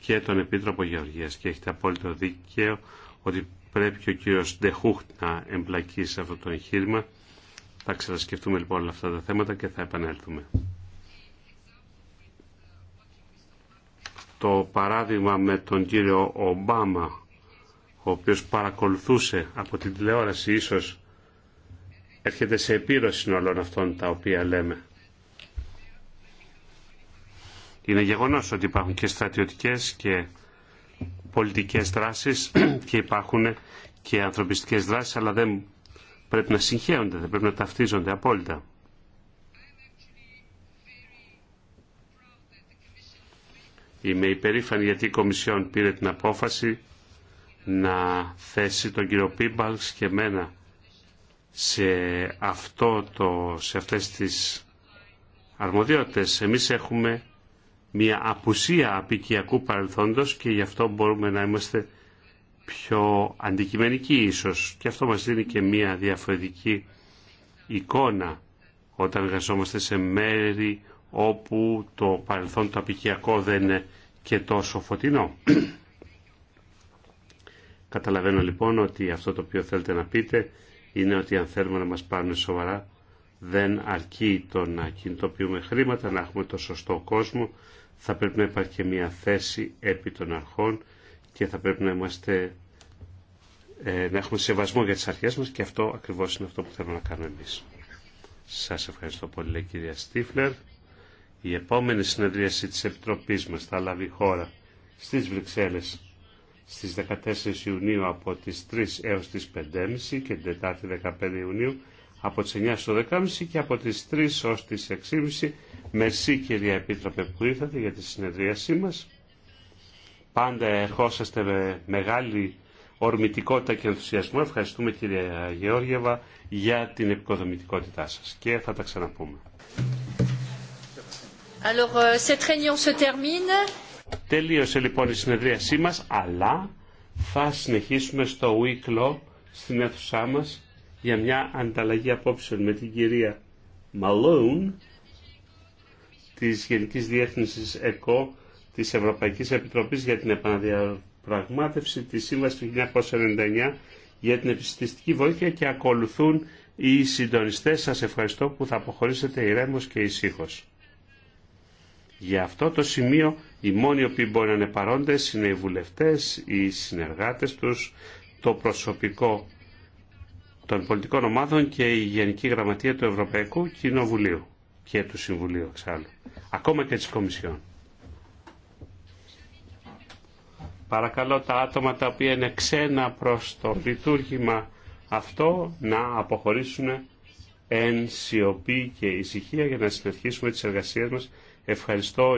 και τον Επίτροπο Γεωργίας. Και έχετε απόλυτο δίκαιο ότι Πρέπει και ο κύριος Ντεχούχτ να εμπλακεί σε αυτό το εγχείρημα. Θα ξανασκεφτούμε λοιπόν όλα αυτά τα θέματα και θα επανέλθουμε. Το παράδειγμα με τον κύριο Ομπάμα, ο οποίος παρακολουθούσε από την τηλεόραση ίσως, έρχεται σε επίρρωση όλων αυτών τα οποία λέμε. Είναι γεγονός ότι υπάρχουν και στρατιωτικές και πολιτικές δράσεις (clears throat) και υπάρχουν και ανθρωπιστικές δράσεις, αλλά δεν πρέπει να συγχέονται, δεν πρέπει να ταυτίζονται απόλυτα. Είμαι υπερήφανη γιατί η Κομισιόν πήρε την απόφαση να θέσει τον κύριο Πίμπαλξ και εμένα σε, αυτό το, σε αυτές τις αρμοδιότητες. Εμείς έχουμε μια απουσία απικιακού παρελθόντος και γι' αυτό μπορούμε να είμαστε πιο αντικειμενικοί ίσως. Και αυτό μας δίνει και μια διαφορετική εικόνα όταν εργαζόμαστε σε μέρη όπου το παρελθόν το απικιακό δεν είναι και τόσο φωτεινό. (clears throat) Καταλαβαίνω λοιπόν ότι αυτό το οποίο θέλετε να πείτε είναι ότι αν θέλουμε να μας πάρουν σοβαρά δεν αρκεί το να κινητοποιούμε χρήματα, να έχουμε το σωστό κόσμο, θα πρέπει να υπάρχει και μια θέση επί των αρχών και θα πρέπει να είμαστε ε, να έχουμε σεβασμό για τις αρχές μας και αυτό ακριβώς είναι αυτό που θέλουμε να κάνουμε εμείς. Σας ευχαριστώ πολύ κυρία Στίφλερ. Η επόμενη συνεδρίαση της Επιτροπής μας θα λάβει χώρα στις Βρυξέλλες στις 14 Ιουνίου από τις 3 έως τις 5.30 και την Τετάρτη 15 Ιουνίου από τις 9 στο 10.30 και από τις 3 ως τις 6.30. Μερσή κυρία Επίτροπε που ήρθατε για τη συνεδρίασή μας. Πάντα ερχόσαστε με μεγάλη ορμητικότητα και ενθουσιασμό. Ευχαριστούμε κυρία Γεώργιεβα για την επικοδομητικότητά σας και θα τα ξαναπούμε. Alors, euh, cette se termine. Τελείωσε λοιπόν η συνεδρίασή μας, αλλά θα συνεχίσουμε στο Wicklow στην αίθουσά μας για μια ανταλλαγή απόψεων με την κυρία Μαλόουν της Γενικής Διεύθυνσης ΕΚΟ της Ευρωπαϊκής Επιτροπής για την επαναδιαπραγμάτευση της Σύμβασης του 1999 για την επιστηστική βοήθεια και ακολουθούν οι συντονιστές. Σας ευχαριστώ που θα αποχωρήσετε ηρέμος και ησύχως. Για αυτό το σημείο οι μόνοι οποίοι μπορεί να είναι παρόντες είναι οι βουλευτές, οι συνεργάτες τους, το προσωπικό των πολιτικών ομάδων και η Γενική Γραμματεία του Ευρωπαϊκού Κοινοβουλίου και του Συμβουλίου εξάλλου, ακόμα και της Κομισιόν. Παρακαλώ τα άτομα τα οποία είναι ξένα προς το λειτουργήμα αυτό να αποχωρήσουν εν σιωπή και ησυχία για να συνεχίσουμε τις εργασίες μας. Ευχαριστώ